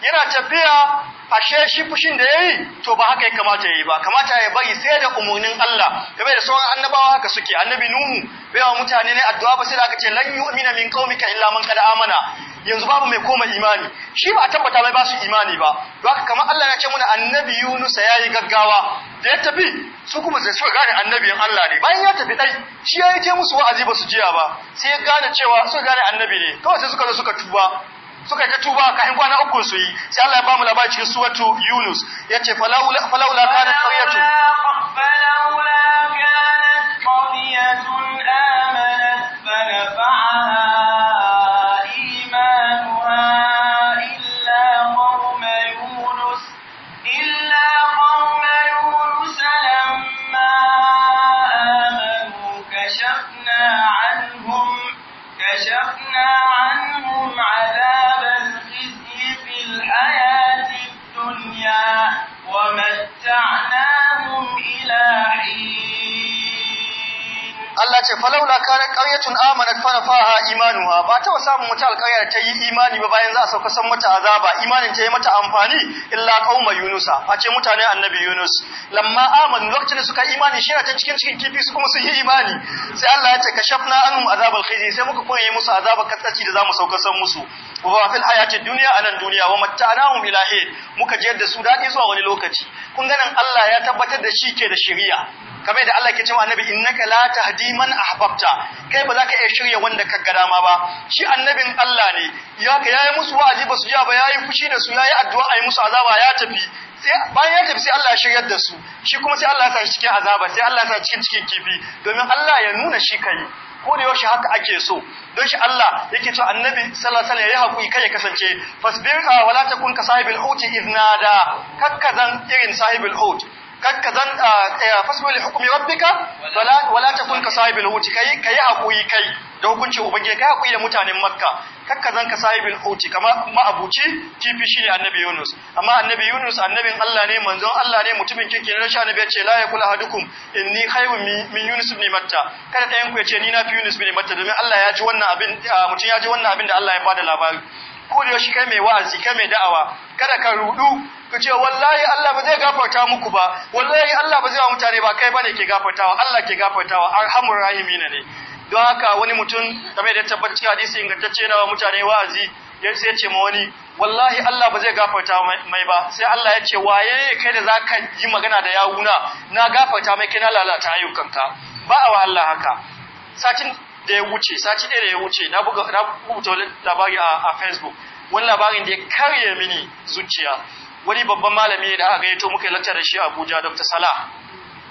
yana tafiya ashe shi fushin da yayi to ba haka ya kamata ya yi ba kamata ya bari sai da umarnin Allah Kamar da sauran annabawa haka suke annabi nuhu baiwa mutane ne addu'a ba sai da aka ce lan yu'mina min qaumika illa man kada amana yanzu babu mai koma imani shi ba a tabbata mai basu imani ba don haka kamar Allah ya ce muna annabi Yunusa ya yi gaggawa da ya tafi su kuma sai suka gane annabiyan Allah ne bayan ya tafi dai shi ya ce musu wa'azi ba su jiya ba sai ya gane cewa suka gane annabi ne kawai sai suka zo suka tuba suka ta tuba in kwana uku su yi sai Allah ya ba mu labari cikin suwatu Yunus yace falaula falaula kanat qaryatu falaula kanat qaryatun عنهم كشفنا عنهم عذاب Allah ce falaula kana qaryatun amanat fa nafaha imanuha ba ta samu mutal alƙarya da ta yi imani ba bayan za a sauka san mata azaba imanin ta yi mata amfani illa qauma yunusa a ce mutane annabi yunus lamma amanu lokacin da suka imani shi ta cikin cikin kifi su kuma sun yi imani sai Allah ya ce kashafna anhum azabal khizi sai muka koyi musu azabar katsaci da zamu sauka san musu wa fil hayatid dunya anan duniya wa matta'nahum ila muka jiyar da su dadi zuwa wani lokaci kun ganin Allah ya tabbatar da shi ke da shari'a kamar da Allah ke cewa annabi innaka la tahdi man ahbabta kai ba za ka iya shirya wanda ka gada ma ba shi annabin Allah ne ya yayi musu wa'azi ba su jiya ba yayi fushi da su yayi addu'a ayi musu azaba ya tafi sai bayan ya tafi sai Allah ya shiryar da su shi kuma sai Allah ya sa shi cikin azaba sai Allah ya sa cikin cikin kifi domin Allah ya nuna shi kai ko da yaushe haka ake so don shi Allah yake cewa annabi sallallahu alaihi wasallam ya hakuri kai ya kasance fasbir wala takun ka sahibul hut idnada kakkazan irin sahibul hut kakka zan ah, eh, fasbir hukumi rabbika wala wala takun ka sahibul huti kai kai hakuri kai da hukunci ubange kai hakuri da mutanen makka kakka zan ka sahibul huti kama ma'abuci kifi shine annabi yunus amma annabi yunus annabin Allah ne manzon Allah ne mutumin kike ne sha annabi ce la yakul hadukum inni khayrun min yunus ibn matta kada ɗayan ku ya ce ni na fi yunus ibn matta domin Allah ya ji wannan abin ah, mutum ya ji wannan abin da Allah ya bada labari ko da shi kai mai wa'azi kai mai da'awa kada ka rudu ka ce wallahi Allah ba zai gafarta muku ba wallahi Allah ba zai wa mutane ba kai bane ke gafartawa Allah ke gafartawa arhamur rahimin ne don haka wani mutum kamar da tabbata cikin hadisi ingantacce na mutane wa'azi ya sai ce ma wani wallahi Allah ba zai gafarta mai ba sai Allah ya ce waye kai da zaka yi magana da yawuna na gafarta mai kai na lalata ayyukanka ba a wa Allah haka da ya wuce sati ɗaya da ya wuce na buga na labari a Facebook wani labarin da ya karye mini zuciya wani babban malami da aka gaito muka yi lecture da shi a Abuja Dr. Salah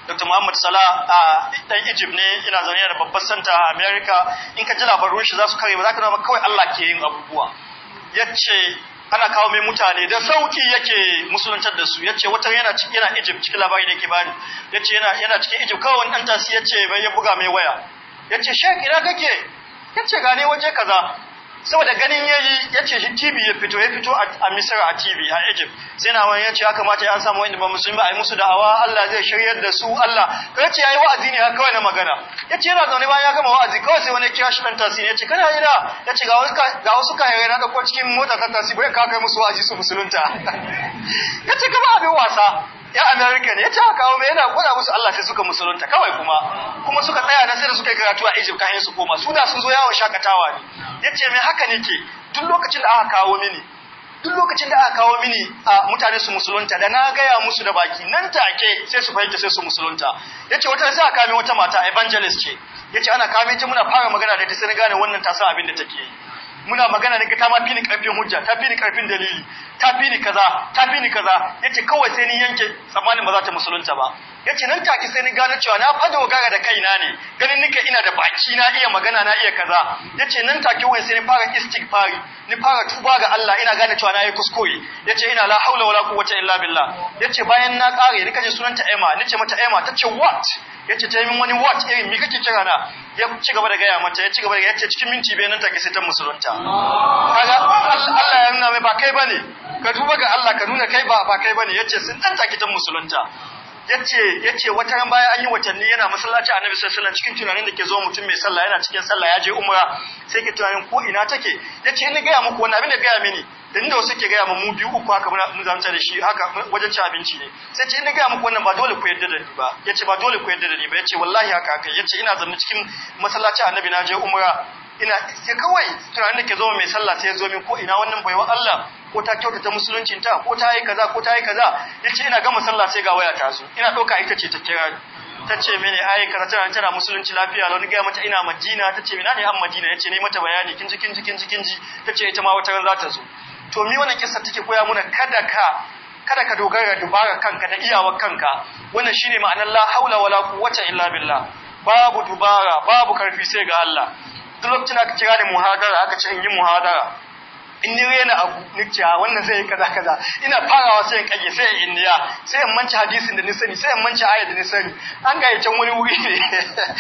Dr. Muhammad Salah a ɗan Ijib ne ina zaune da babban santa a America in ka ji labarun shi za su karye ba za ka nama kawai Allah ke yin abubuwa Ya ce ana kawo mai mutane da sauki yake musuluntar da su ce wata yana cikin cikin labarin da yake bani ya ce yana cikin Egypt kawai wani dan tasi ce bai ya buga mai waya ya ce shek ina kake ya ce gane waje kaza saboda ganin ya yi ya ce shi tv ya fito ya fito a misir a tv a egypt sai na wani ya ce ya kamata ya samu wani ba musulmi a yi musu da'awa allah zai shiryar da su allah to ya ce ya yi wa'azi ne kawai na magana yace yana zaune bayan ya gama wa'azi kawai sai wani kira shi ɗan tasiri ya ce kana yi da ya ce ga wasu kayayyar na ɗauko cikin mota ta tasiri bai ka kai musu wa'azi su musulunta yace ce kama abin wasa ya amerika ne ya ce haka mai yana gwada musu Allah sai suka musulunta kawai kuma kuma suka tsaya na sai suka yi karatu a Egypt kayan su koma su da sun zo yawon shakatawa ne ya ce mai haka ne ke duk lokacin da aka kawo mini duk lokacin da aka kawo mini a mutane su musulunta da na gaya musu da baki nan take sai su fahimta sai su musulunta ya ce wata sai a kame wata mata evangelist ce ya ce ana kame ta muna fara magana da ita sai gane wannan ta san abin da take yi muna magana ne ka ta ma fi ni karfin hujja ta fi ni karfin dalili ta fi ni kaza ta fi ni kaza yace kawai sai ni yanke tsammanin ba za ta musulunta ba Yace nan take sai ni gano cewa na fa dogara da kaina ne ganin nika ina da baki na iya magana na iya kaza Yace nan take wai sai ni fara istighfari ni fara tuba ga Allah ina gane cewa na yi kuskure Yace ina la haula wala quwwata illa billah Yace bayan na kare ni kaje sunanta Emma ni ce mata Emma ta ce what Yace ta yi min wani what irin mi kake kira na ya ci gaba da gaya mata ya ci gaba da yace cikin minti bai nan take sai ta musulunta kaga Allah ya nuna mai ba kai bane ka tuba ga Allah ka nuna kai ba ba kai bane yace sun dan ta musulunta ya ce wata ran baya an yi watanni yana masallaci a nabi sallallahu cikin tunanin da ke zo mutum mai sallah yana cikin sallah ya je umra sai ke tunanin ko ina take ya ce ina gaya muku wani abin da gaya mini da inda wasu ke gaya mu biyu uku haka mun zanta da shi haka wajen ci abinci ne sai ce ina gaya muku wannan ba dole ku yarda da ni ba ya ce ba dole ku yarda da ni ba ya ce wallahi haka haka ya ce ina zanne cikin masallaci a nabi na je umra ina sai kawai tunanin da ke zo mai sallah sai ya zo min ko ina wannan baiwa Allah ko ta kyautata musuluncin ta ko ta yi kaza ko ta yi kaza yace ina gama sallah sai ga waya ta zo ina dauka ita ce ta kira ta ce mene ai kaza tana tana musulunci lafiya lau ga mata ina Madina ta ce mene ne an Madina yace ne mata bayani kin kin ji kin ji ta ce ita ma wata ran za ta zo to mi wannan kissa take koya muna kada ka kada ka dogara dubara kanka da iyawar kanka wannan shine ma'anar la haula wala quwwata illa billah babu dubara babu karfi sai ga Allah duk lokacin da kira ni muhadara aka ce in yi muhadara in ni rena abu ni cewa wannan zai yi kaza kaza ina farawa sai in kage sai in niya sai in manci hadisin da ni sani sai in manci ayat da ni sani an ga yace wani wuri ne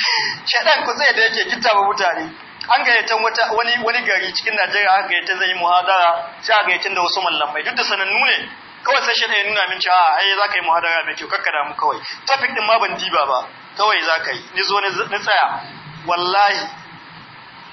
shedan ku zai da yake kitaba mutane an wata wani wani gari cikin Najeriya an gayyata zai yi muhadara sai a gayyata da wasu mallamai duk da sanannu ne kawai sai shedan ya nuna min cewa ai za ka yi muhadara mai kyau kakkada mu kawai topic din ma ban diba ba kawai za ka yi ni zo ni tsaya wallahi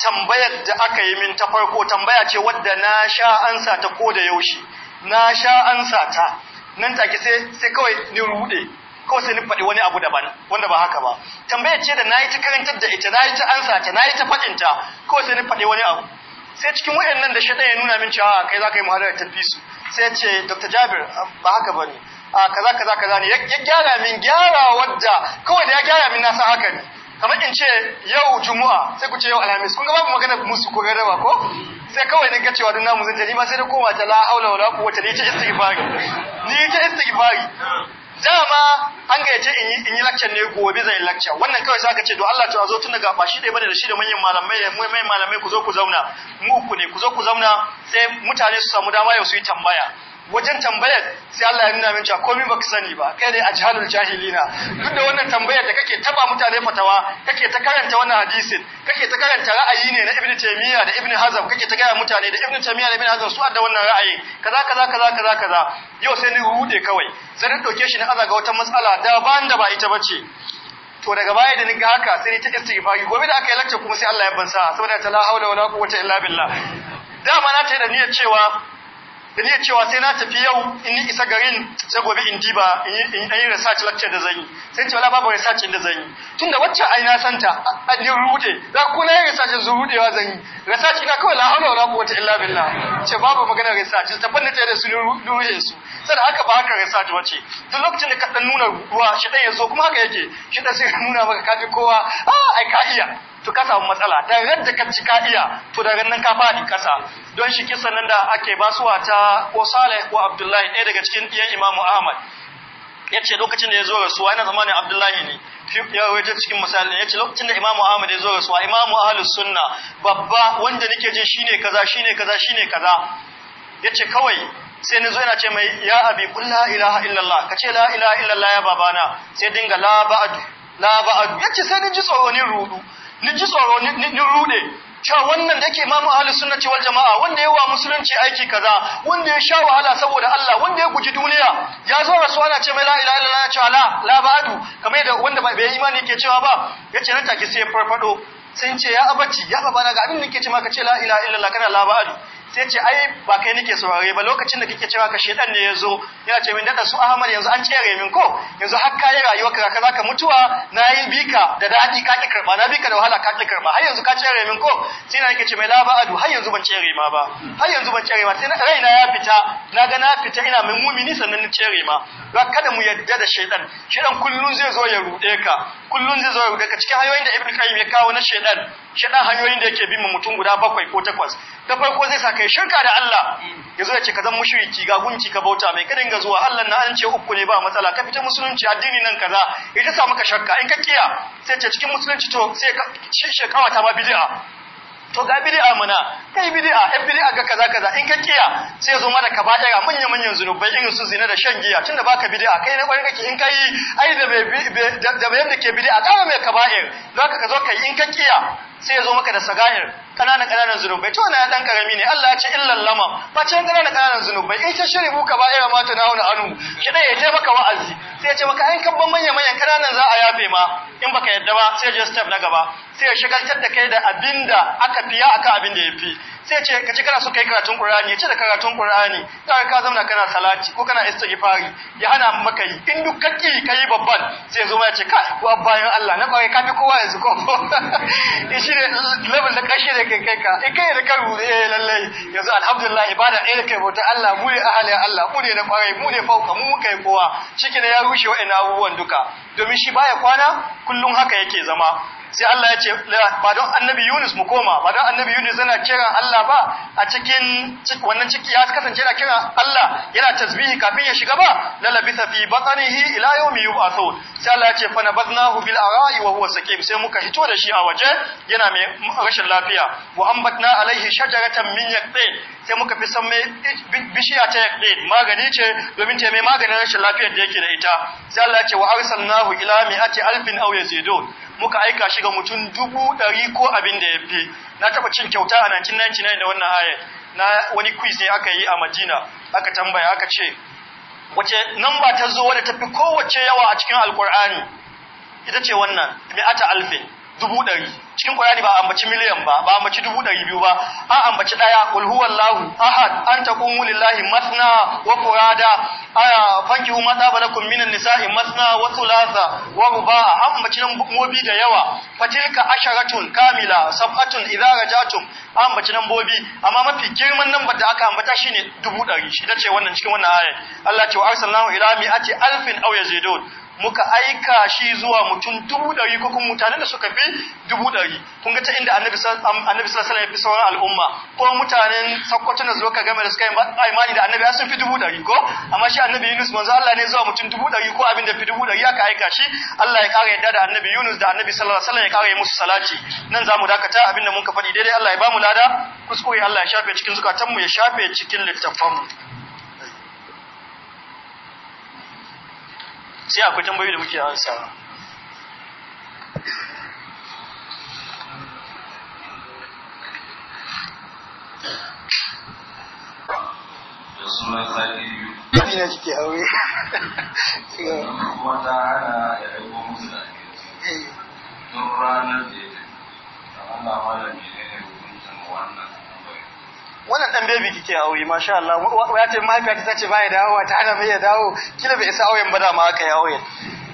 tambayar da aka yi min ta farko tambaya ce wadda na sha ansa ta ko da yaushe na sha ansa ta nan take sai sai kawai ni rude kawai sai ni faɗi wani abu daban wanda ba haka ba tambayar ce da nayi ta karantar da ita nayi ta ansa ta nayi ta fadin ta kawai sai ni faɗi wani abu sai cikin wayannan da shaidan ya nuna min cewa kai za ka yi muhadarar tafisu sai ce Dr. Jabir ba haka bane a kaza kaza kaza ne ya gyara min gyara wadda kawai da ya gyara min na san haka ne kamar in ce yau juma'a sai ku ce yau alhamis kun ga babu magana musu ko raba ko sai kawai na ga cewa dun namu zai ma sai da koma ta la haula wala quwwata ni ta istighfari ni ta istighfari dama an yace in yi lakcin ne gobe zai lakcin wannan kawai sai ce to Allah ta zo tun daga bashi dai bane da shi da manyan malamai mai malamai ku zo ku zauna mu uku ne ku zo ku zauna sai mutane su samu dama yau su yi tambaya wajen tambayar sai Allah ya nuna min cewa komai baka sani ba kai dai ajhalul jahilina duk da wannan tambayar da kake taba mutane fatawa kake ta karanta wannan hadisin kake ta karanta ra'ayi ne na Ibn Taymiyyah da Ibn Hazm kake ta gaya mutane da Ibn Taymiyyah da Ibn Hazm su adda wannan ra'ayi kaza kaza kaza kaza kaza yau sai ni rude kawai sai ni dauke shi na aza ga wata matsala da ba da ba ita bace to daga baya da niga haka sai ni ta istighfari gobe da aka yi lecture kuma sai Allah ya bansa saboda ta la haula wala quwwata illa billah dama na ta da niyyar cewa da ya cewa sai na tafi yau in ni isa garin sai gobe in diba in yi research lecture da zanyi sai ce babu research da zanyi tunda wacce ai na santa an yi rude za ku na yi research zu rudewa wa zanyi research ina kawai la hawla wala quwwata illa billah ce babu magana research tabban da da su rude su sai da haka ba haka research wace duk lokacin da ka dan nuna ruwa shi dan yazo kuma haka yake shi dan sai nuna maka kafi kowa a ah, ai ka to ka samu matsala da yadda ka ci ka iya to da nan ka faɗi ƙasa don shi kisan nan da ake basuwa ta ko Saleh ko Abdullahi ɗaya daga cikin iyan Imam Ahmad yace lokacin da ya zo rasuwa ina zamanin Abdullahi ne ya waje cikin misalin ya ce lokacin da imamu ahmad ya zo rasuwa imamu ahlus sunna babba wanda nake ji shine kaza shine kaza shine kaza ya ce kawai sai ni zo ce mai ya abi kun la ilaha illallah ka ce la ilaha illallah ya babana sai dinga la ba'ad la ba'ad ya ce sai ni ji tsoro ni rudu ni ji tsoro ni rude cewa wannan da ke imamu ahli sunnati wal jama'a wanda ya wa musulunci aiki kaza wanda ya sha wahala saboda Allah wanda ya guji duniya ya zo rasu ana ce mai la ilaha ya ce ala la ba'du kamar da wanda bai imani yake cewa ba yace nan take sai farfado sai ce ya abaci ya baba na ga abin da yake ce maka ce la ilaha kana la ba'du sai ce ai ba kai nake saurare ba lokacin da kike cewa ka shedan ne yazo yana ce min dada su Ahmad yanzu an cere min ko yanzu har ka yi rayuwa ka kaza ka mutuwa na yi bika da dadi ka ki karba na bika da wahala ka ki karba har yanzu ka cere min ko sai na kike ce mai adu har yanzu ban cere ma ba har yanzu ban cere ma sai raina ya fita na ga na fita ina mai mumini sannan na cere ma ba kada mu yadda da shedan shedan kullun zai zo ya rude ka kullun zai zo ya rude ka cikin hanyoyin da Ibn Qayyim ya kawo na shedan shaɗan hanyoyin da yake bin mutum guda bakwai ko takwas ta farko zai sa kai shirka da Allah ya zo ya ce ka zan mushriki ga gunki ka bauta mai ka ga zuwa Allah na an ce uku ne ba matsala ka fita musulunci addini nan kaza ya ta samu ka shakka in ka kiya sai ce cikin musulunci to sai ka shi kawata ma bid'a to ga bid'a muna kai bid'a ai bid'a ga kaza kaza in ka kiya sai zo mana ka bada manya manyan zunubai irin su zina da shan giya tunda baka bid'a kai ne kwarin kake in kai ai da bai da bai yanda ke bid'a kawai mai kaba'ir zaka ka zo kai in ka kiya sai zo maka da sagair kananan kananan zunubai to wannan dan karami ne Allah ya ce illal lama ba ce kananan kananan zunubai in ta shiri ba ira ma na wani anu dai ya ce maka wa'azi sai ya ce maka ai kan manya manyan kananan za a yafe ma in baka yadda ba sai ya je step na gaba sai ya shagaltar da kai da abin da aka fiya akan abin da ya fi sai ce ka ci kana so kai karatun Qur'ani ya ce da karatun Qur'ani ka ka zauna kana salati ko kana istighfari ya hana maka yi in duk kaki kai babban sai zo ma ya ce ka ko bayan Allah na kwaye kafi kowa yanzu ko shi ne level da kashe da kai ka in kai da karu eh lallai yanzu alhamdulillah ibada ɗaya da kai bauta Allah mu ne ahli Allah mu ne na kwaye mu ne fauka mu kai kowa shike ne ya rushe wa'annan abubuwan duka domin shi baya kwana kullun haka yake zama sai Allah ya ce ba don annabi Yunus mu koma ba don annabi Yunus yana kiran Allah ba a cikin wannan ciki ya kasance yana kiran Allah yana tasbihi kafin ya shiga ba lalabitha fi batnihi ila yawmi yub'athun sai Allah ya ce fa nabadnahu bil ara'i wa huwa sakim sai muka hito da shi a waje yana mai rashin lafiya wa ambatna alaihi shajaratan min yaqtin sai muka fi san mai bishiya ta yaqtin magani ce domin ce mai maganin rashin lafiyar da yake da ita sai Allah ya ce wa arsalnahu ila mi'ati alfin aw yazidun muka aika shi ga mutum dubu ɗari ko abin da ya fi na taɓa cin kyauta a 1999 da wannan haya na wani quiz ne aka yi a madina aka tambaya aka ce wace nan ba ta zo wadda fi kowace yawa a cikin alkur'ani ita ce wannan mi'ata alfin dubu ɗari cikin Qur'ani ba ambaci miliyan ba ba ambaci dubu ɗari biyu ba a ambaci ɗaya qul huwallahu ahad an wuli lahi masna wa qurada aya fankihu ma tabalakum minan nisa'i masna wa thulatha wa a an ambaci nan bobi da yawa fatilka asharatun kamila sab'atun idara jatun an ambaci nan bobi amma mafi girman nan da aka ambata shine dubu ɗari shi ce wannan cikin wannan ayat Allah ce wa arsalnahu ila mi'ati alfin aw yazidun muka aika shi zuwa mutum dubu dari ko kuma mutanen da suka fi dubu dari. kun ga ta inda annabi sallallahu alaihi sauran al'umma ko mutanen sakkwato na zuwa game da suka yi imani da annabi sun fi dubu dari ko amma shi annabi yunus manzo Allah ne zuwa mutum dubu dari ko abin da fi dubu ya aka aika shi Allah ya kare yadda da annabi yunus da annabi sallallahu alaihi wasallam ya kare musu salati nan za mu dakata abin da muka faɗi daidai Allah ya ba mu lada kuskure Allah ya shafe cikin zukatanmu ya shafe cikin littafanmu sai akwai tambayoyi da muke ansa Ina cike aure. Kuma hana ya yi musu Tun eh. ranar da ya Allah ne wannan wannan dan bebi kike aure masha Allah ya ce mahaifiya ta ce bai dawo ta hana mai dawo kila bai isa auren ba da ma aka yi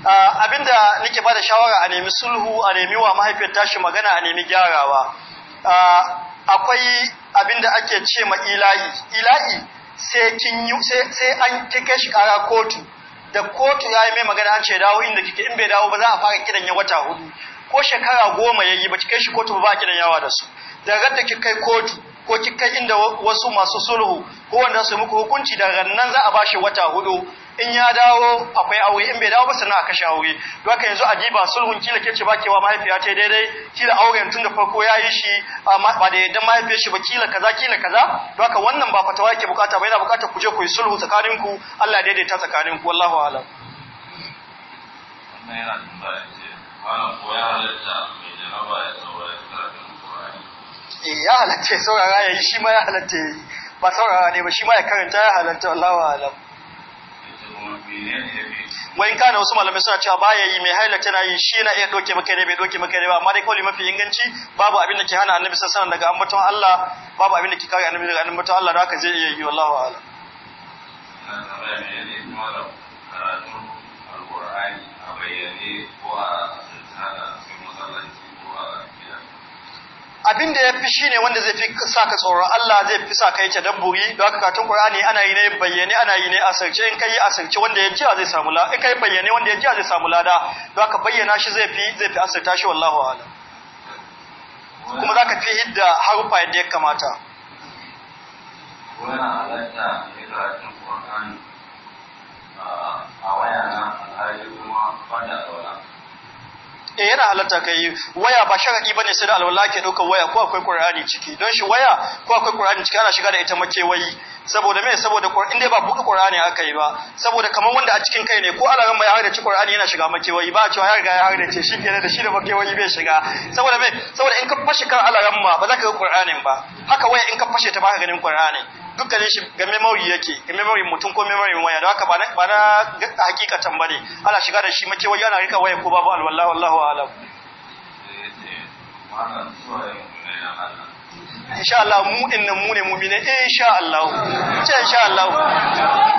ah, abinda nake bada shawara a nemi sulhu a nemi wa mahaifiyar tashi magana a nemi gyarawa ah, akwai abinda ake ce ma ila'i ila'i sai kin yi sai an take shi kara kotu da kotu yayi mai magana an ce dawo inda kike in bai dawo ba za a fara kidan ya wata hudu ko shekara goma yayi ba kike shi kotu ba ba kidan yawa da su da kike kai kotu ko kai inda wasu masu sulhu ko wanda su muku hukunci da nan za a bashi wata hudu in ya dawo akwai aure in bai dawo ba sannan a kashe aure don haka yanzu a ba sulhun kila ke ce ba kewa mahaifiya ce daidai kila aure tun da farko ya yi shi ba da yadda mahaifiyar shi ba kila kaza kila kaza don haka wannan ba fatawa yake bukata ba yana bukata ku je ku yi sulhu tsakaninku Allah daidaita tsakaninku wallahu alam. Wannan yana da tambaya ce, wannan ko ya sauke eh, ya halatta ya saurara ya yi shi ma ya halatta ya yi ba saurara ne ba shi ma ya karanta ya halatta Allahu alam wai kana wasu malamai suna cewa baya yi mai halatta tana yi shi na iya doke maka ne bai doke maka ne ba amma dai kawai mafi inganci babu abin da ke hana annabi sallallahu daga ambaton Allah babu abin da ke kare annabi daga ambaton Allah da haka zai iya yi wallahu a'lam a bayyane ko a abin da ya fi shi ne wanda zai fi sa ka tsoron Allah zai fi sa ka yi tadabburi da aka katun Qur'ani ana yi ne bayyane ana yi ne asirce in kai asirce wanda ya jiya zai samu lada in kai bayyane wanda ya jiya zai samu lada da aka bayyana shi zai fi zai fi asirta shi wallahu ala, kuma zaka fi hidda harufa yadda ya kamata wannan halatta ya karatun Qur'ani a waya na alhaji kuma fada a eh yana halatta kai waya ba sharadi bane sai da alwala ke waya ko akwai Qur'ani ciki don shi waya ko akwai Qur'ani ciki ana shiga da ita makewayi saboda me saboda Qur'ani dai ba buɗe Qur'ani aka yi ba saboda kamar wanda a cikin kai ne ko ala ran bai har da ci Qur'ani yana shiga makewayi ba cewa ya riga ya har da ce shi kenan da shi da makewayi bai shiga saboda me saboda in ka fashe kan ala ran ma ba za ka ga Qur'anin ba haka waya in ka fashe ta ba ka ganin Qur'ani dukkanin shi ga memory yake ga memory mutum ko memory waya da haka ba na ba ne bane ana shiga da shi makewayi ana rika waya ko babu alwallahu wallahu alam eh, eh, insha Allah mu dinnan mu ne mu'mine insha Allah ce insha Allah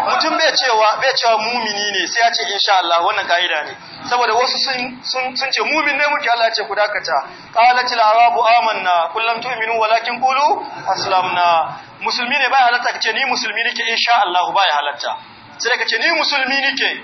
mutum bai cewa bai cewa mu'mini ne sai ya ce insha Allah wannan kaida ne saboda wasu sun sun ce mu'min ne muke Allah ce ku dakata qalatil arabu amanna kullam tu'minu walakin qulu aslamna musulmi ne bai halatta ce ni musulmi nake insha Allah bai halatta sai ka ce ni musulmi nake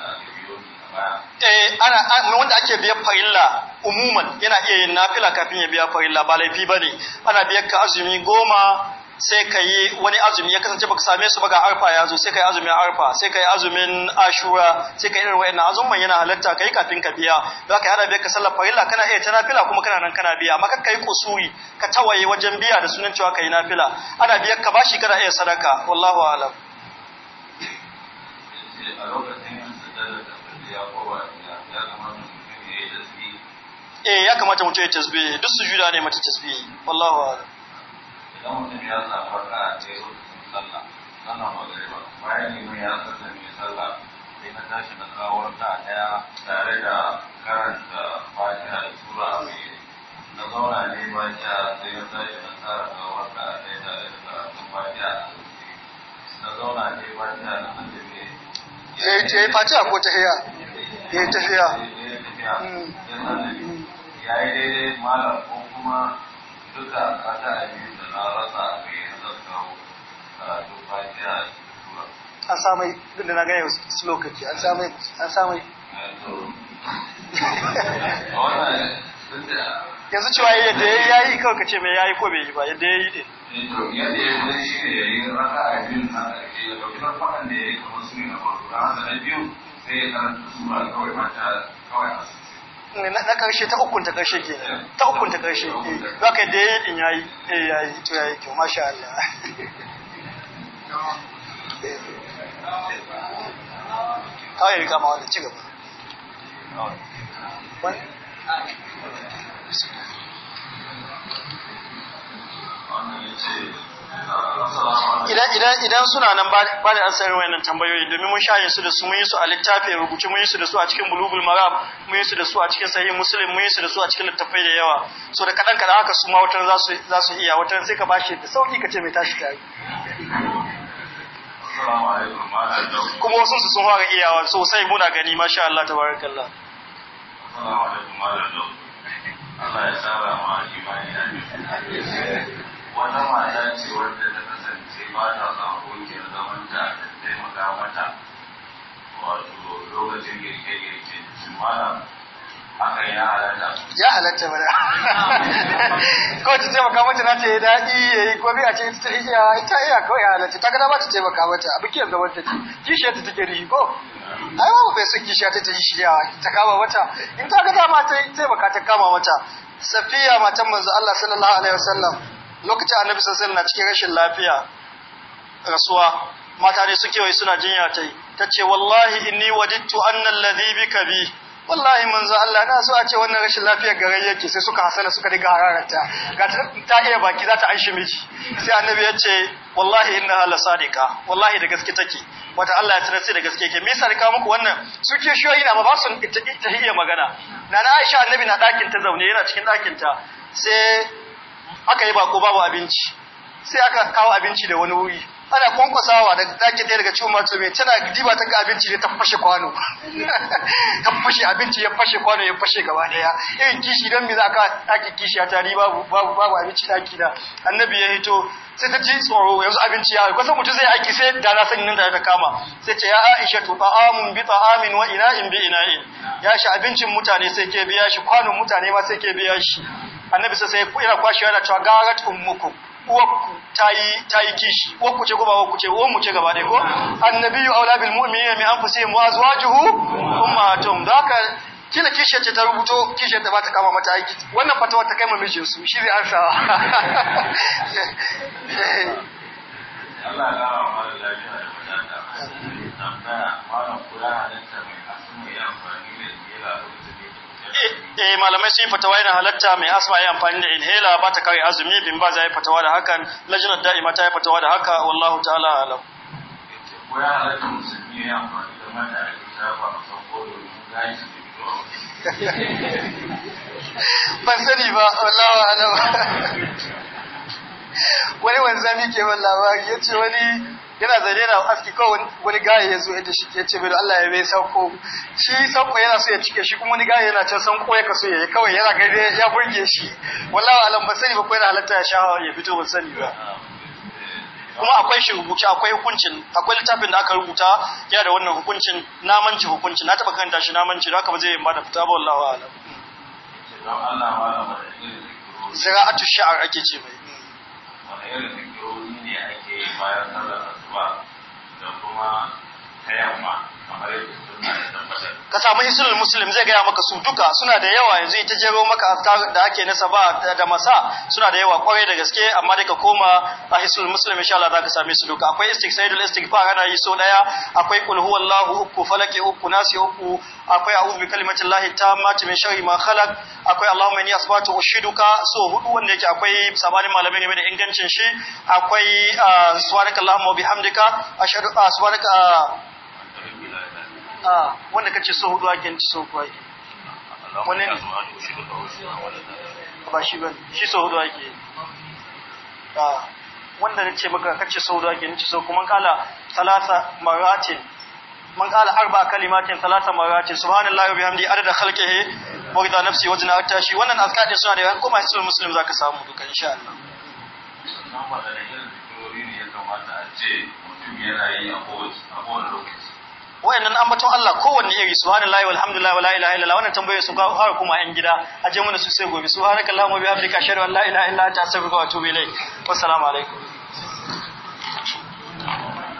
eh ana wanda ake biyan farilla umuman yana iya yin nafila kafin ya biya farilla ba laifi bane ana biyan ka azumi goma sai ka yi wani azumi ya kasance baka same su ba ga arfa ya zo sai ka yi azumin arfa sai ka yi azumin ashura sai ka yi irin wa'annan azumman yana halatta ka yi kafin ka biya za ka yi ana biyar ka sallar farilla kana iya ta nafila kuma kana nan kana biya amma ka yi kusuri ka tawaye wajen biya da sunan cewa ka yi nafila ana biyar ka bashi kana iya sadaka wallahu alam eh ya kamata mutum ya tasbi. duk su juda ne mata tasbi. wallahu a'lam idan mutum ya sa farka ya zo sallah sannan ba. bayan liman ya tsaka ne sallah sai na tashi da kawar ta daya tare da karanta fatiha da sura mai na zauna ne ya sai ya tashi da tsara kawar ta daya tare da karatun fatiha na zauna ne ya na hanjin ya yi fatiha ko tahiya ya eh, yi tahiya hmm. ya yi daidai malam ko kuma duka kata a yi da na rasa mai yanzu kawo karatu fatiha an samai duk na gane wasu lokaci an samai an samai eh, yanzu cewa yadda ya yi kawai ka ce mai ya yi ko bai yi ba yadda ya yi ne eh, yadda ya yi shi ne ya yi raka a biyun na ƙarfi da ɗauki na faɗan da ya yi kamar su ne na ba don haka na sai kawai kawai eh, na karshe ta ukun ta karshe ke eh. ta ukun ta karshe eh, za ka da ya yi yayi yayi yayi masha Allah kawai rika ma ce idan suna nan ba da an sanin wayannan tambayoyi domin mun shaye su da su mun yi su a littafi rubuce mun yi su da su a cikin bulugul marab mun yi su da su a cikin sahih muslim mun yi su da su a cikin littafai da yawa so da kadan kadan haka su ma wutar za su za su iya watan sai ka bashi da sauki ka ce mai tashi tare kuma wasu su sun fara iyawa sosai muna gani masha Allah tabarakallah assalamu alaikum Allah ya saba ma imani wata mata ce wadda ta kasance ba ta son abokin zamanta da taimaka mata wato lokacin girke-girke shi mana ya halatta mana kawai ta taimaka mata na ta yi daɗi ya yi komi a ce ita ta iya ita iya kawai ya halatta ta gada ba ta taimaka mata a bikin gaban ta ce kishiya ta take rihi ko ai ba bai son kishiya ta ta yi shirya ta kama mata in ta gada ma ta taimaka ta kama mata safiya matan manzo Allah sallallahu alaihi wasallam lokacin annabi sallallahu na cikin rashin lafiya rasuwa mata ne suke wai suna jinya ta tace ce wallahi inni wajidtu anna alladhi bika bi wallahi manzo Allah na so a ce wannan rashin lafiyar garai yake sai suka hasala suka riga hararta ga ta iya baki za ta anshi miji sai annabi ya ce wallahi inna la sadika wallahi da gaske take wata Allah ya tsare da gaske yake me yasa rika muku wannan suke shoyi na ba ba su ita iya magana nana Aisha annabi na dakin ta zaune yana cikin dakin ta sai aka yi bako babu abinci sai aka kawo abinci da wani wuri ana kwankwasawa da take ɗaya daga cikin masu mai tana diba ta ga abinci ne ta fashe kwano ta fashe abinci ya fashe kwano ya fashe gaba daya irin kishi don me za ka ɗaki kishi a tari babu babu babu abinci ɗaki na annabi ya hito sai ta ji tsoro yanzu abinci ya kusan mutum zai aiki sai da na sanin da ta kama sai ce ya aisha to ta'amun bi ta'amin wa ina'in bi ina'in ya shi abincin mutane sai ke biya shi kwanon mutane ma sai ke biya shi annabi sai sai yana kwashewa yana cewa garat ummukum uwakku tayi tayi kishi uwakku ce ko ba ce mu ce gaba dai ko annabiyyu aula bil min anfusihim wa azwajuhu daka ce ta rubuto kishi ta ba ta kama mata aiki wannan fatawa ta kai ma mijin su shi zai ansa Allah ya lafiya da kula mai ya eh malamai sun yi fatawa yana halatta mai asma yi amfani da inhaler ba ta kare azumi bin ba za yi fatawa da hakan lajinar da'ima ta yi fatawa da haka wallahu ta'ala alam ban sani ba wallahu alam wani wanzami ke wani labari ya ce wani yana zane na haske kawai wani gaya ya zo yadda shi ke ce bai da Allah ya bai sauko shi sauko yana so ya cike shi kuma wani gaya yana can sanko ya kaso ya yi kawai yana gani ya burge shi wallahi alam ba sani ba kawai yana halatta ya sha ya fito ba sani ba kuma akwai shi rubuce akwai hukuncin akwai littafin da aka rubuta yana da wannan hukuncin namanci hukuncin na taba karanta shi namanci da haka ba zai yi ba da fita ba wallahi alam zira'atu sha'ar ake ce mai irin zikirori ne ake bayan sallar asuba da kuma ta yamma kamar yadda ka samu hisnul muslim zai gaya maka su duka suna da yawa yanzu ita jero maka aftar da ake nasaba da masa suna da yawa kwarai da gaske amma dai ka koma a hisnul muslim insha Allah zaka same su duka akwai istighsaidul istighfar ana yi so daya akwai qul huwallahu uku falaki uku nasi uku akwai a'udhu bi kalimati llahi tammati min sharri ma khalaq akwai allahumma inni asbatu ushiduka so hudu wanda yake akwai sabanin malamai game da ingancin shi akwai ah, subhanakallahumma wa bihamdika ashhadu ah, subhanaka a ah, wanda kace so hudu ake ci so hudu ake wani ne ba shi ba shi so hudu ake ah, wanda wanda ce maka kace so hudu ake ci so kuma kala salasa maratin man kala arba kalimatin salasa maratin subhanallahi wa bihamdi adada khalqihi wa rida nafsi wa jina tashi wannan azkar suna da yan kuma sai muslim zaka samu duka insha Allah. Nan ba da irin ne ya kamata a ce mutum yana yi a kowane lokaci. wayannan ambaton Allah kowanne iri subhanallahi walhamdulillahi wala ilaha illallah wannan tambaye su har kuma yan gida aje mana su sai gobe wa bihamdika ashhadu an la ilaha illa anta astaghfiruka wa atubu ilaik wassalamu alaikum